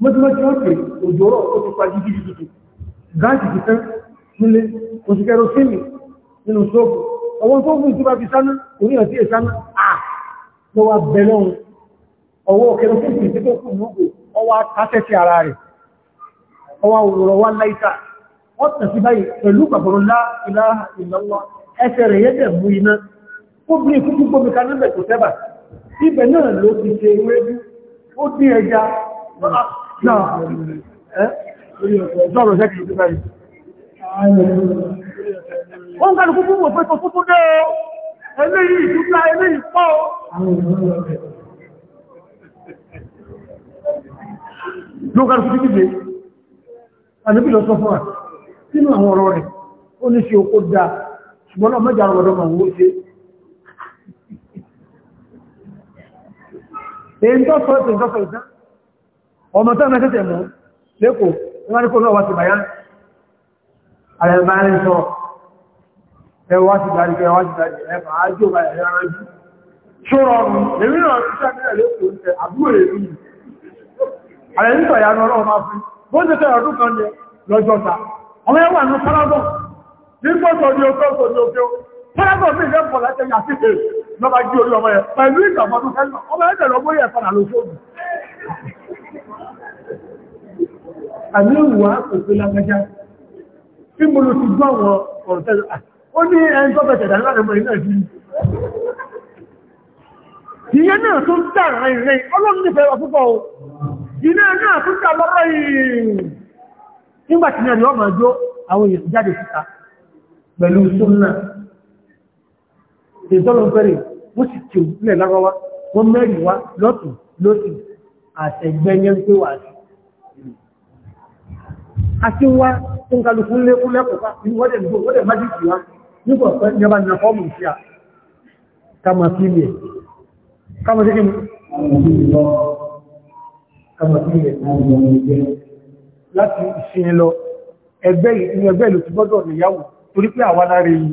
mọ́tímọ́tí wọ́n pè òjò ọ̀rọ̀ ó ti pàdé gidi gidi gáàsì ti tán nílé oṣù kẹrosínì nínú sóòpù ọwọ́n tó gùn tí bá fi sáná orí ọ̀tí ìsáná à lọ́wọ́ bẹ̀lọ́run ọwọ́ kẹrosínì ti tó kù mọ́kù ọwá kásẹ̀ sí ara rẹ̀ ọwá òwúrọ̀ wá láìta wọ́n tẹ̀ sí báyìí pẹ̀lú gbàgbọ́rọ̀ lá ilaha illallah ẹsẹ̀ rẹ̀ yẹ́dẹ̀ mú iná kóbìnrin kúkú gbómi ká níbẹ̀ tó tẹ́bà ibẹ̀ náà ló ti ṣe ewédú ó dín ẹja náà ọ̀rọ̀ sẹ́kì tó báyìí eléyìí ìdúgbà eléyìí pọ́ ló kàrù sí kíkìdé àníbí lọ sọ fún wa nínú àwọn ọ̀rọ̀ rẹ̀ ó ní ṣe okó dá ṣùgbọ́n náà mẹ́jà ọ̀rọ̀ ọ̀dọ́mọ̀ owó ṣe èyí tó sọ èyí tó sọ ọmọ tó ẹ̀mẹ́ tẹ́tẹ̀ mọ́ lẹ́kọ̀ọ́ náà wá ti bàyá ààrẹ nítọ̀ ìyanu ọlọ́run máa fi bó ń tẹ́tẹ́ ọdún kan jẹ lọ́jọ́ta ọmọ ẹwà ní paragon ní gbọ́sọ̀ ní oṣù ọ̀sọ̀ ní oṣù paragon ní ìfẹ́ pọ̀ láti ẹ̀yà síte lọ́ba jí orí ọmọ ẹ̀ pẹ̀lú ìgbàmọ́dún fẹ́lọ́ ọmọ ẹ̀ tẹ̀lọ́ bóyá ẹ̀ padà lóṣooṣù àmì ìwà òfin lágbájá tí mo lọ ti gbọ́ àwọn ọ̀rọ̀ tẹ́lẹ̀ ó ní ẹni ìyẹn náà tó ń dà rẹ̀ ọlọ́run nífẹ̀ẹ́ wa iná náà tún jà lọ́rọ̀ yìí nígbàtí ní ọmọ ọjọ́ àwọn èèyàn jáde síta pẹ̀lú súnnà ìtọ́lọ̀fẹ́rẹ̀ wọ́n sì tí òkúlẹ̀ lárọwá wọ́n mẹ́rin wá lọ́tù lọ́tù àtẹ̀gbẹ́yẹ́ ń pè wà sí àti wá tó ń kálukú lékún lẹ́kọ̀ọ́ká ní wọ́dẹ̀ májìkì wá nígbà kama sí ilẹ̀ kan ní ọmọ ìjẹ́ láti ìsìn lọ ẹgbẹ́ inú ẹgbẹ́ ìlú ti gbọ́dọ̀ níyàwó torí pé àwọn aráre yìí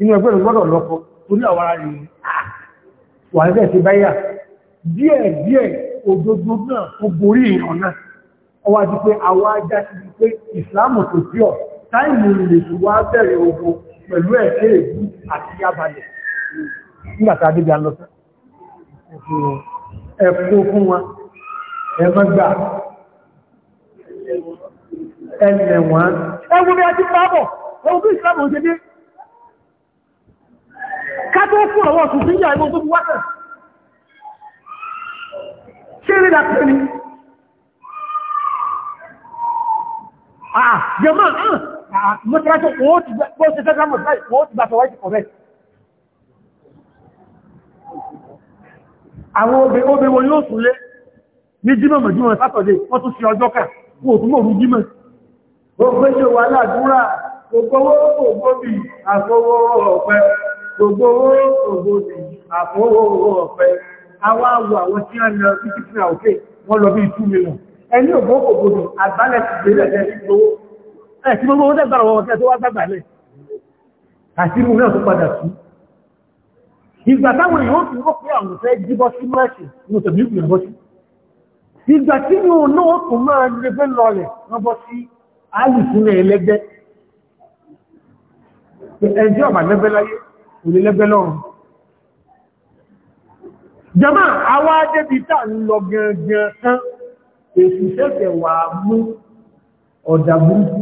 inú ẹgbẹ́ ìlú gbọ́dọ̀ lọ́kọ torí àwọn aráre yìí wà ní bẹ́ẹ̀ ti báyà díẹ̀ díẹ̀ òdodo náà tó borí ìràn náà ọwá di pé àwọn ẹmọ́gbà ẹlẹ̀wọ̀n ẹwọ́n bí a ti pàábọ̀ ẹwọ́n bí ìsìlámù ṣe dé kátó fún ọwọ́ ọ̀tún sí ìyà ẹgbọ́n tó bú wákẹ̀ ah, ah, ah, ṣe rí dàpẹ́ ni àà jẹmọ́ àà mọ́tíráṣẹ́ wọ́n ti gbà sọ wáyé kọ̀rẹ́ àwọn obìnrin wọn yóò súnlé ní jímọ̀ mọ̀ jímọ̀ sátọ̀dé wọ́n tún fi ọjọ́ kà kó òtún mọ̀ rú jímọ̀ gbogbo ṣe wà ládúrà gbogbo ògbóbi àfọwọ́ ọ̀pẹ gbogbo ògbóbi àfọwọ́ ọ̀pẹ àwọn awọ àwọn tí a na títí fún àwòké wọ́n lọ bí ìtú mìíràn ẹni ògbó ògbóbi àgbálẹ̀ ti gbé lẹ́jẹ́ sí gbogbo ẹ̀ tí gbogbo ó dẹ́gbàrà ìgbà táwọn èèyàn ó ó pé àwọn fẹ́ jíbọ́ sí mọ́ẹ̀sì ní òtẹ̀mí ìgbìyànjọ́ sí ìgbà tí ní òun náà tó máa lẹ́gbẹ́ lọ rẹ̀ wọ́n bọ́ sí alìsúnlẹ̀ ẹlẹ́gbẹ́ ẹjọ́ ọ̀bà lẹ́gbẹ́ láyé òlè lẹ́gbẹ́ lọ́rùn jama awá débi tà ń lọ gẹ̀ẹ́gẹ̀ẹ́ tán èsì sẹ́sẹ̀ wà mú ọ̀dà burúkú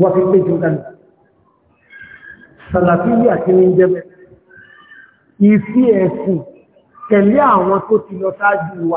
wọ́n fi pé jùkanì sàlàfíyà kí ní jẹ́mẹ́ ìfí ẹ̀sìn tẹ̀lé àwọn tó ti lọ sáájú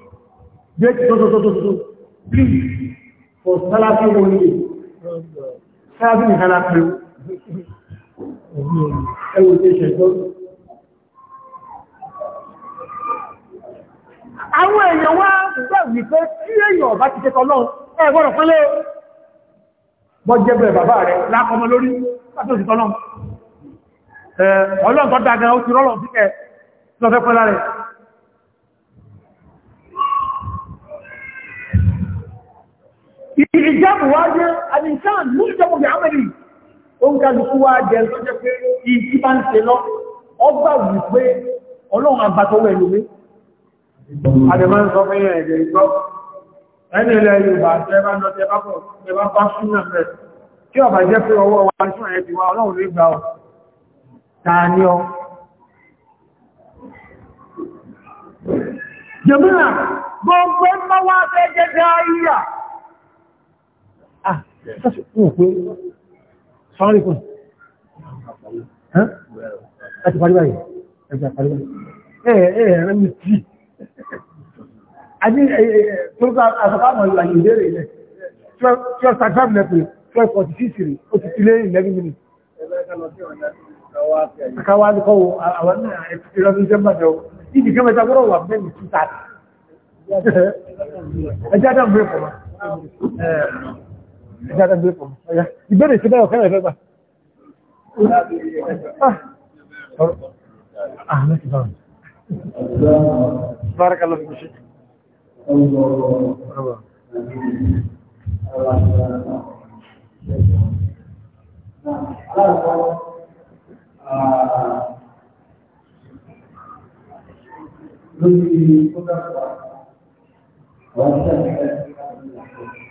Jẹ́kì tó tó tó tó tó, please, for Salafi wọlé, Salafi ní Salafi wọ. Ẹwọ tí ṣe tó. Àwọn èèyàn wá gbà wípé tí èèyàn bá ti tẹ́tọ́ lọ́n, ẹ gbọ́dọ̀ pẹ́lẹ́ bọ́ jẹ́gbẹ̀ bàbá rẹ̀ lákọmọ lórí látò sí tọ́lọ́n. Ọlọ́n tó ó ti rọ́lọ̀ sí kẹ lọ́fẹ́ pẹ́lá rẹ̀. ìjábù wá jẹ́ àdìsán ní ìjọba bí àmẹ́rì ó ń kájú kú wá jẹ́ tó jẹ́ pé ìdí bá ń ṣe lọ ọgbà wù pé ọlọ́run àgbàtọwọ́ ẹ̀lú mi àdìmọ́ ń sọ fẹ́yìn ẹ̀jẹ̀ ìgbọ́ ẹni ilẹ̀ Yorùbá tẹ́ bá lọ tẹ́ bá pọ̀ tẹ́ bá bá súnà mẹ́ tí ọ pé sọ́rìkùn láti parí báyìí ẹgbẹ́ parí báyìí ẹ̀ẹ̀ ẹ̀rẹ́ mi tí àti tókà àsọ̀fàmọ̀ ìlànà ìbéèrè ilẹ̀ 12:45 lẹ́pẹ̀ 12:46 rí ó ti tilé 11 minutes akawa ni kọwọ àwọn ìrọ̀lú jẹ́mbàjọ́ ìdí kẹmẹta gbọ́rọ̀ wà mẹ́rin títà ẹjá dámbé fọ́mọ́ ìbéèrè sí bẹ́ẹ̀ ọ̀kẹ́rẹ̀ fẹ́gbà Lórí ọjọ́ àwọn ìṣẹ́ ìṣẹ́ ìṣẹ́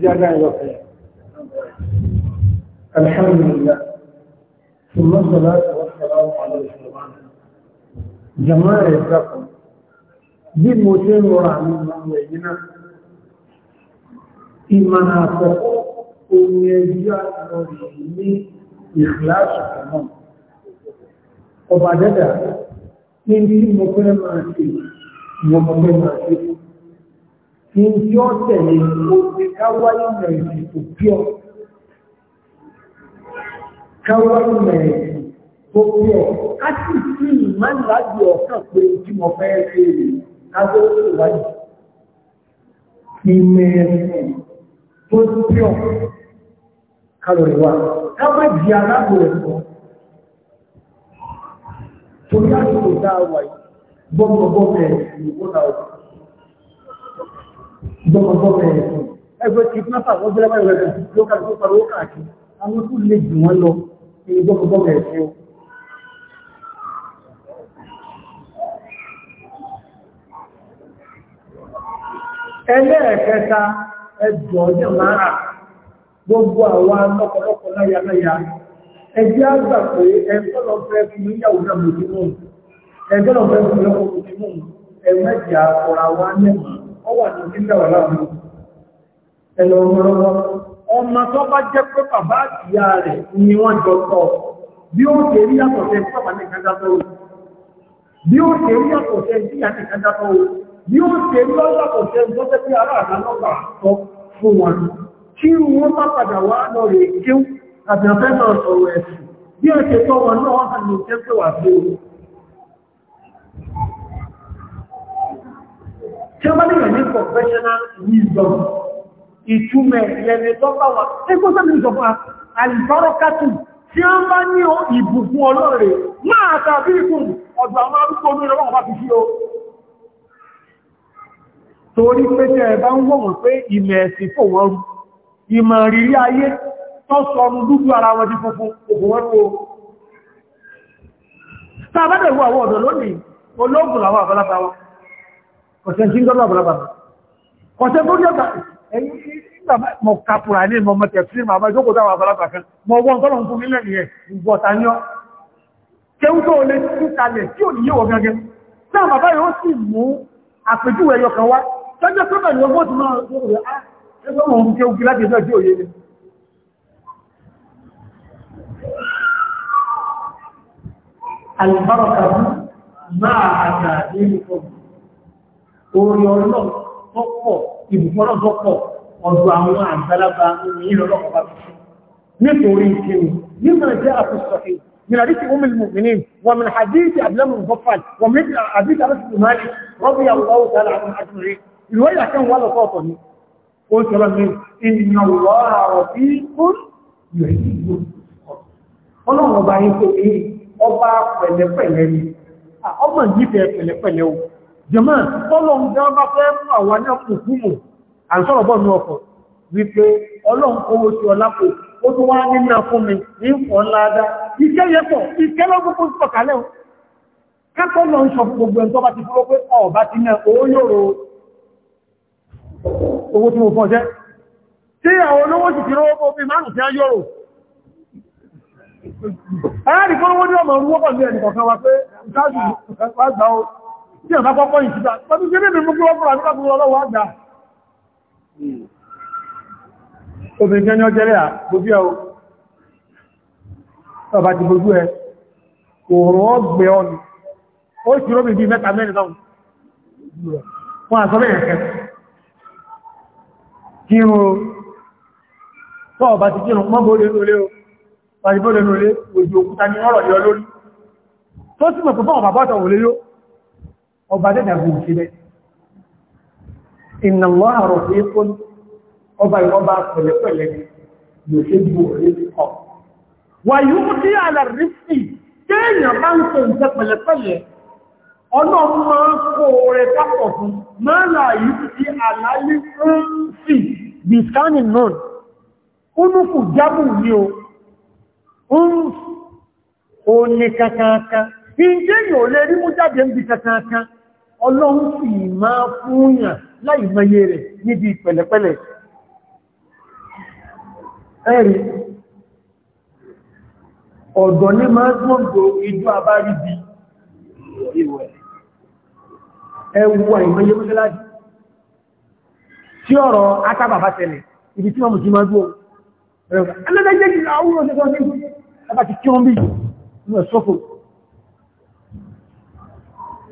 جزاء الله خير الحمد لله ثم الصلاة والسلام على رسول الله جماعة الرقم bí mo ṣe ń rọra àwọn ọmọ ẹ̀yìn náà ìmọ̀nà àkọ́kọ́ ohun ẹgbẹ́ àtọ́rọ̀ ní ìfìláṣù náà ọba dẹ́dà ní bí mo fẹ́ máa ṣe mo fẹ́ máa ṣe ní tí ó tẹ̀lé òní káwáyé mẹ̀rẹ̀ tó píọ̀ káwáyé mẹ̀rẹ̀ tó píọ̀ ká ma sí ìmánìláàbí pé tí mo fẹ́ ṣe rè kájọ ó wáyé ìmẹ̀rẹ̀ tó píọ̀ kálọ̀rì wa ká má di aláàbò ẹ̀kọ́ torí gbọ́mọgbọ́mọ ẹ̀sùn ẹgbẹ́ kìtnápà wọ́n bẹ́rẹ̀ báyìí rẹ̀ lókàlù tó pariwo A àwọn tó lè jù wọ́n lọ ní gbọ́mọgbọ́mọ ẹ̀sùn ẹlẹ́ẹ̀kẹta ẹjọ́ ọjọ́ máa gbogbo àwọn lọ́pọ̀lọpọ̀ láyaláya ẹjẹ́ àgbà pé ẹgbọ́nà fẹ́ fi níyàwó náà mọ̀ sí mọ̀ ẹgbọ́nà fẹ́ fi lọ́pọ̀ mọ̀ sí mọ̀ ọwà ní sílẹ̀wà láàrin ẹ̀lọ ọmọ ọmọ tó bá jẹ́ pé bàbá àtìyá rẹ̀ ni wọ́n jọ tọ́ bí ó ṣe rí yàtọ̀ sí pàpà ní kájátọ́ bí ó ṣe rí yàtọ̀ sí ìyá ní kájátọ́ bí ó ṣe rí yàtọ̀ sí ẹni tó jẹ́ pé ará àdánọ́gbà sọ fún wọn kí wọ́n bá padà wá lọ rè bí ó ṣe tọ́ wọn náà tí ó bá ní professional wisdom ìtumẹ̀ lẹ́ni tó bá wà ẹgbẹ́ sẹ́mi ìjọba alìbárọ́kátù tí ó bá ní ìbùkún ọlọ́rẹ̀ máa tàbí ìkùn ọ̀dọ̀ àwọn arúgbó ní ọlọ́wọ́ bá fi sí o torí pé tẹ́ ẹ bá ń wọ̀ wọ́n pé ìmẹ̀ ẹ̀sìn fò wọ́n rú ìmọ̀ rírí ayé tó sọ ọmọ dúdú ara wọn di funfun òkú wọn rú o tá a bá dẹ̀ wọ àwọn ọ̀dọ̀ lónìí ológun làwọn ọ̀sẹ̀ tí ń gọ́lọ̀ ọ̀bọ̀lọ́bà ọ̀sẹ̀ tó jẹ́ ẹ̀yìn ìgbà mọ̀ kàpùrà ní mọ̀ mọ̀tẹ̀ sí màmá ìjókòó táwọn àbálàbà kan mọ̀ wọ́n tọ́lọ̀ ń fún nílẹ̀ nìyẹn ìgbọ̀ta ní ọ́ kéwú tó lè tú kalẹ̀ tí ò ní yíwọ̀ gẹ́gẹ́ náà bàbá yóò sì mú àpèjúwe ẹyọ kan wá tọ́jọ́ tó bẹ̀rẹ̀ ọgbọ́n ti máa rọ̀ rẹ̀ á orí ọlọ́ tọ́pọ̀ ìbùkọ́lọ́ tọ́pọ̀ ọdọ̀ àwọn àgbàlagbà ìrọ̀lọ́pàá nítorí ìkíni nígbà jẹ́ àkùsọ̀fẹ́ من حديث أم المؤمنين ومن حديث أبلام المغفل ومن حديث أبس المالي رضي الله تعالى عنه أجمعين الويلة كان ولا صوتني قلت رمي إن الله رفيق يحيي ọlọ́run ọba yìí tó ní ọba pẹ̀lẹ́pẹ̀lẹ́ ni ah, ọmọ yìí fẹ́ pẹ̀lẹ́pẹ̀lẹ́ jẹmọ́ ọlọ́run dábá fẹ́ mú àwọn ní ọkùn fúnmù àṣọ́rọ̀bọ̀ ní ọkọ̀ wípé ọlọ́run kówó sí ọlápò ó tó wá nínú fún mi ní ìfọ̀ ńláadá iṣẹ́ yẹpọ̀ iṣẹ́ lọ́gbọ́gbọ́ sí ọ̀kálẹ̀ kápọ̀ lọ ń sọ gbogbo ẹ̀ tó bá ti fúró pé ọ̀bá ti náà owó yòrò owó tí mo fọ́ jẹ́ tí àwọn olówó sì ti rówó bí márùn tí a yòrò ẹ̀rì fún owó ní ọmọ orúwọ́pọ̀ ní ẹnìkọ̀kan wa pé tí ọ̀nà kọ́kọ́ yìí síta pẹ̀lú sí nínú mú kí wọ́n fúnra ọlọ́wọ́ àgbà obìnrin ní gbogbo ọba ti gbogbo ẹ̀ òòrùn ọgbẹ̀ ó bí mẹ́ta mẹ́rin náà tó fún ọba dẹ́dàgbò sílẹ̀ ìnà wọ́n àrọ̀ sí fún ọba ìwọ́ba pẹ̀lẹ̀pẹ̀lẹ̀ yóò ṣe bú orí ọ̀ wà yóò dí àlàrí sí kéèyàn bá ń tó ìjẹ pẹ̀lẹ̀pẹ̀lẹ̀ ọ̀nà máa kó rẹ̀ kápọ̀ fún máa là yóò dí àlàrí sí bí scanning náà ó ní kù jábù ní o ó ní kankan kan ìjẹ́ yóò lè rí mú jáde ń bí kankan kan ọlọ́run sì máa fúnyàn láì mẹ́yẹ rẹ̀ níbi pẹ̀lẹ̀pẹ̀lẹ̀ ẹ̀rí ọ̀dọ̀ ní máa gbọ́ndọ̀ ìjọ abáríbi ìwẹ̀ ẹwà ìmẹ́yẹ mọ́sálásí tí ọ̀rọ̀ akábàbá tẹ̀lẹ̀ ibi tí wọ́n mú sí máa gbọ́ ẹ̀rọ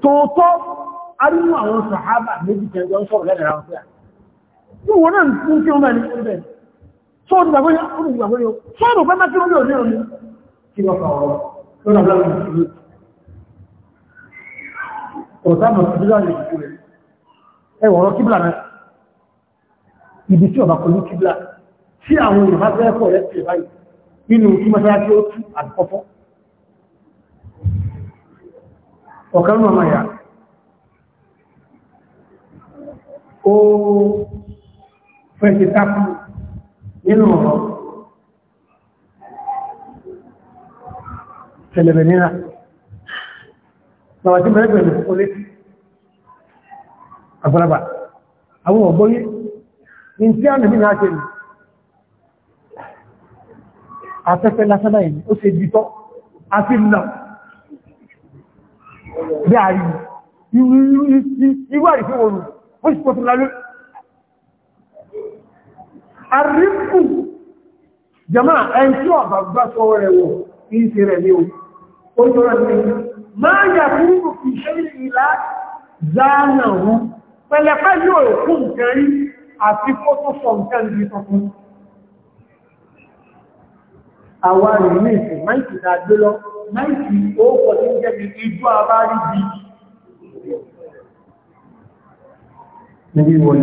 tòótọ́ arínú àwọn sàhábà méjì kẹjọ ń sọ̀rọ̀ lẹ́nà àwọn fíà ní wọ́n náà ní kí wọ́n mẹ́rin ní bẹ̀rẹ̀ sọ́ọ̀dù gbàgbóyá ọdún gbàgbóyá sọ́ọ̀dù pẹ́ máa kí wọ́n ní òní kí wọ́n fà ọ̀rọ̀ lọ́nà lọ́nà ìṣòro ọ̀tá mọ̀ sí láàrin ìṣòro ẹ̀ wọ̀rọ̀ kíbla náà ibi tí ọba kò ní kíbla tí àwọn yorùbá fẹ́ kọ̀ rẹ̀ tẹ̀ báyìí nínú kí mọ́sálásí ó tú àdìkọ́fọ́ ọ̀kan náà máa yàrá ó fẹ́ ṣe sáfù nínú ọ̀rọ̀ tẹ̀lẹ̀bẹ̀ níra bàbá tí bẹ̀rẹ̀ pẹ̀lú olé àgbàlagbà àwọn ọ̀gbọ́yé ní tí a nìbí náà ṣe rí afẹ́fẹ́ lásánà ìlú ó ṣe jítọ́ àti nà bí a rí ìwà ìfẹ́ òòrùn bó ṣe pọ̀tù lálú àríkù jama ẹn tí ọ̀bà bá sọ rẹ̀ wọ̀ ní ìṣẹ́ rẹ̀ ní o tó rẹ̀ ní máa yà kúrò fi ṣe ìlà záàna hù pẹ̀lẹ̀pẹ̀ yóò kú nǹkan rí àti kó tó sọ nǹkan rí tuntun àwọn àrùn ní ìsìn máìkì dáadé ó pọ̀ tí ń jẹ́ ijú abárí bíi níbi ìwọ̀n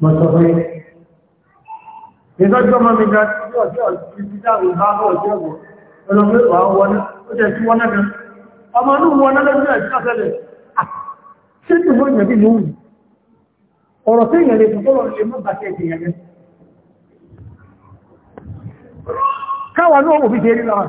mọ́sọ̀fẹ́ ìtọ́jú ọmọ mi ga tí ọjọ́ ìbí dáwọn bá bọ́ ọjọ́ ọ̀gbọ̀n ọlọ́pẹ́ wà wọ́n ó jẹ́ tí wọ́n náà gan ọmọ inú wọn ah, náà lọ́jọ́ ìṣẹ́sẹ̀lẹ̀ ṣé tí wọ́n yẹ̀ bí lóhùn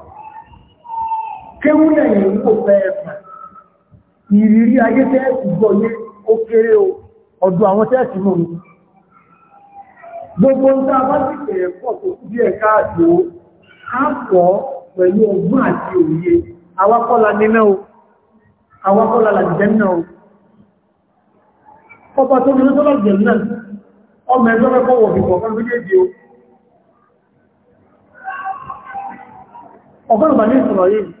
kéwúlẹ̀ yìí kò fẹ́ ẹ̀fà ìrírí ayé tẹ́ẹ̀sì gbọ́yé ó kéré o ọ̀dọ̀ àwọn tẹ́ẹ̀sì mọ̀ ní gbogbo ń tá a bá sì kẹ̀rẹ̀ pọ̀ tó bí ẹ̀ká àjò á pọ̀ pẹ̀lú ọgbọ́n àti òye awakọ́la níná ní ìsọ̀rọ̀ yìí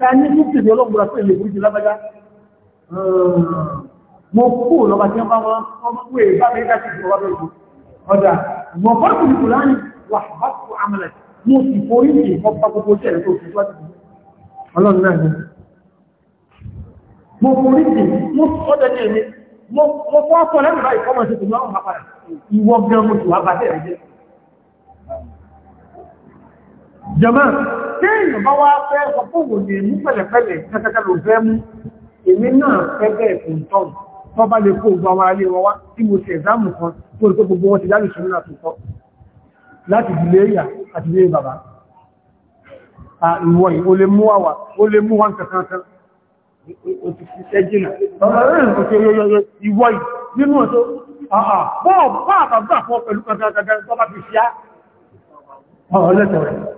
ta ní fífì ní ọlọ́gbùra pé lè burú lábájá mo kú lọ́ba tí wọ́n bá wọ́n pè bá mi dá sí ìjọba bẹ̀rù ọ̀dà mo bá kù nìkù láàrin wà bá kù amẹ́lẹ̀ mo sì forí ní ìkọ́ bá gbogbo tí ẹ̀rẹ́ tó fi wá sí ọlọ́run náà ni mo forí ní mo sọ́dọ̀ ní èmi mo fọ́ ọkọ̀ lẹ́nu báyìí kọ́mọ̀ sí ìwọ́n gan mo sì wá bá bẹ̀rẹ̀ jẹ́ jọmọ́ tí èèyàn bá wá fẹ́ sọ fún òun ní mú pẹ̀lẹ̀pẹ̀lẹ̀ kẹ́kẹ́kẹ́ ló fẹ́ mú èmi náà fẹ́ bẹ́ẹ̀ fún tọ́n tó bá lè kó gbọ́ àwọn alé wọn wá tí mo ṣe ẹ̀zámù kan tó rí pé gbogbo wọn ti dálù sí nínú àtúntọ́ láti ilé ìyà àti ilé bàbá ìwọ̀n ò lè mú àwà ó lè mú wọn kankan kan ìwọ̀n nínú ọ̀tọ́ bọ́ọ̀ bá àbàbà fún pẹ̀lú kankan kankan tó bá fi ṣíá ọ̀rọ̀ lẹ́tọ̀ọ́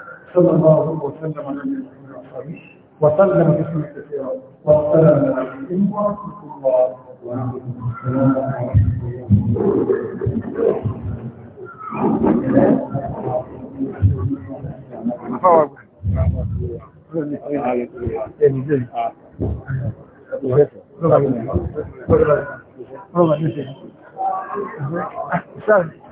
صلى الله وسلم على نبينا وصحبه وسلم باسم كثيرا والسلام عليكم ورحمه الله وعليكم السلام ورحمه الله وبركاته.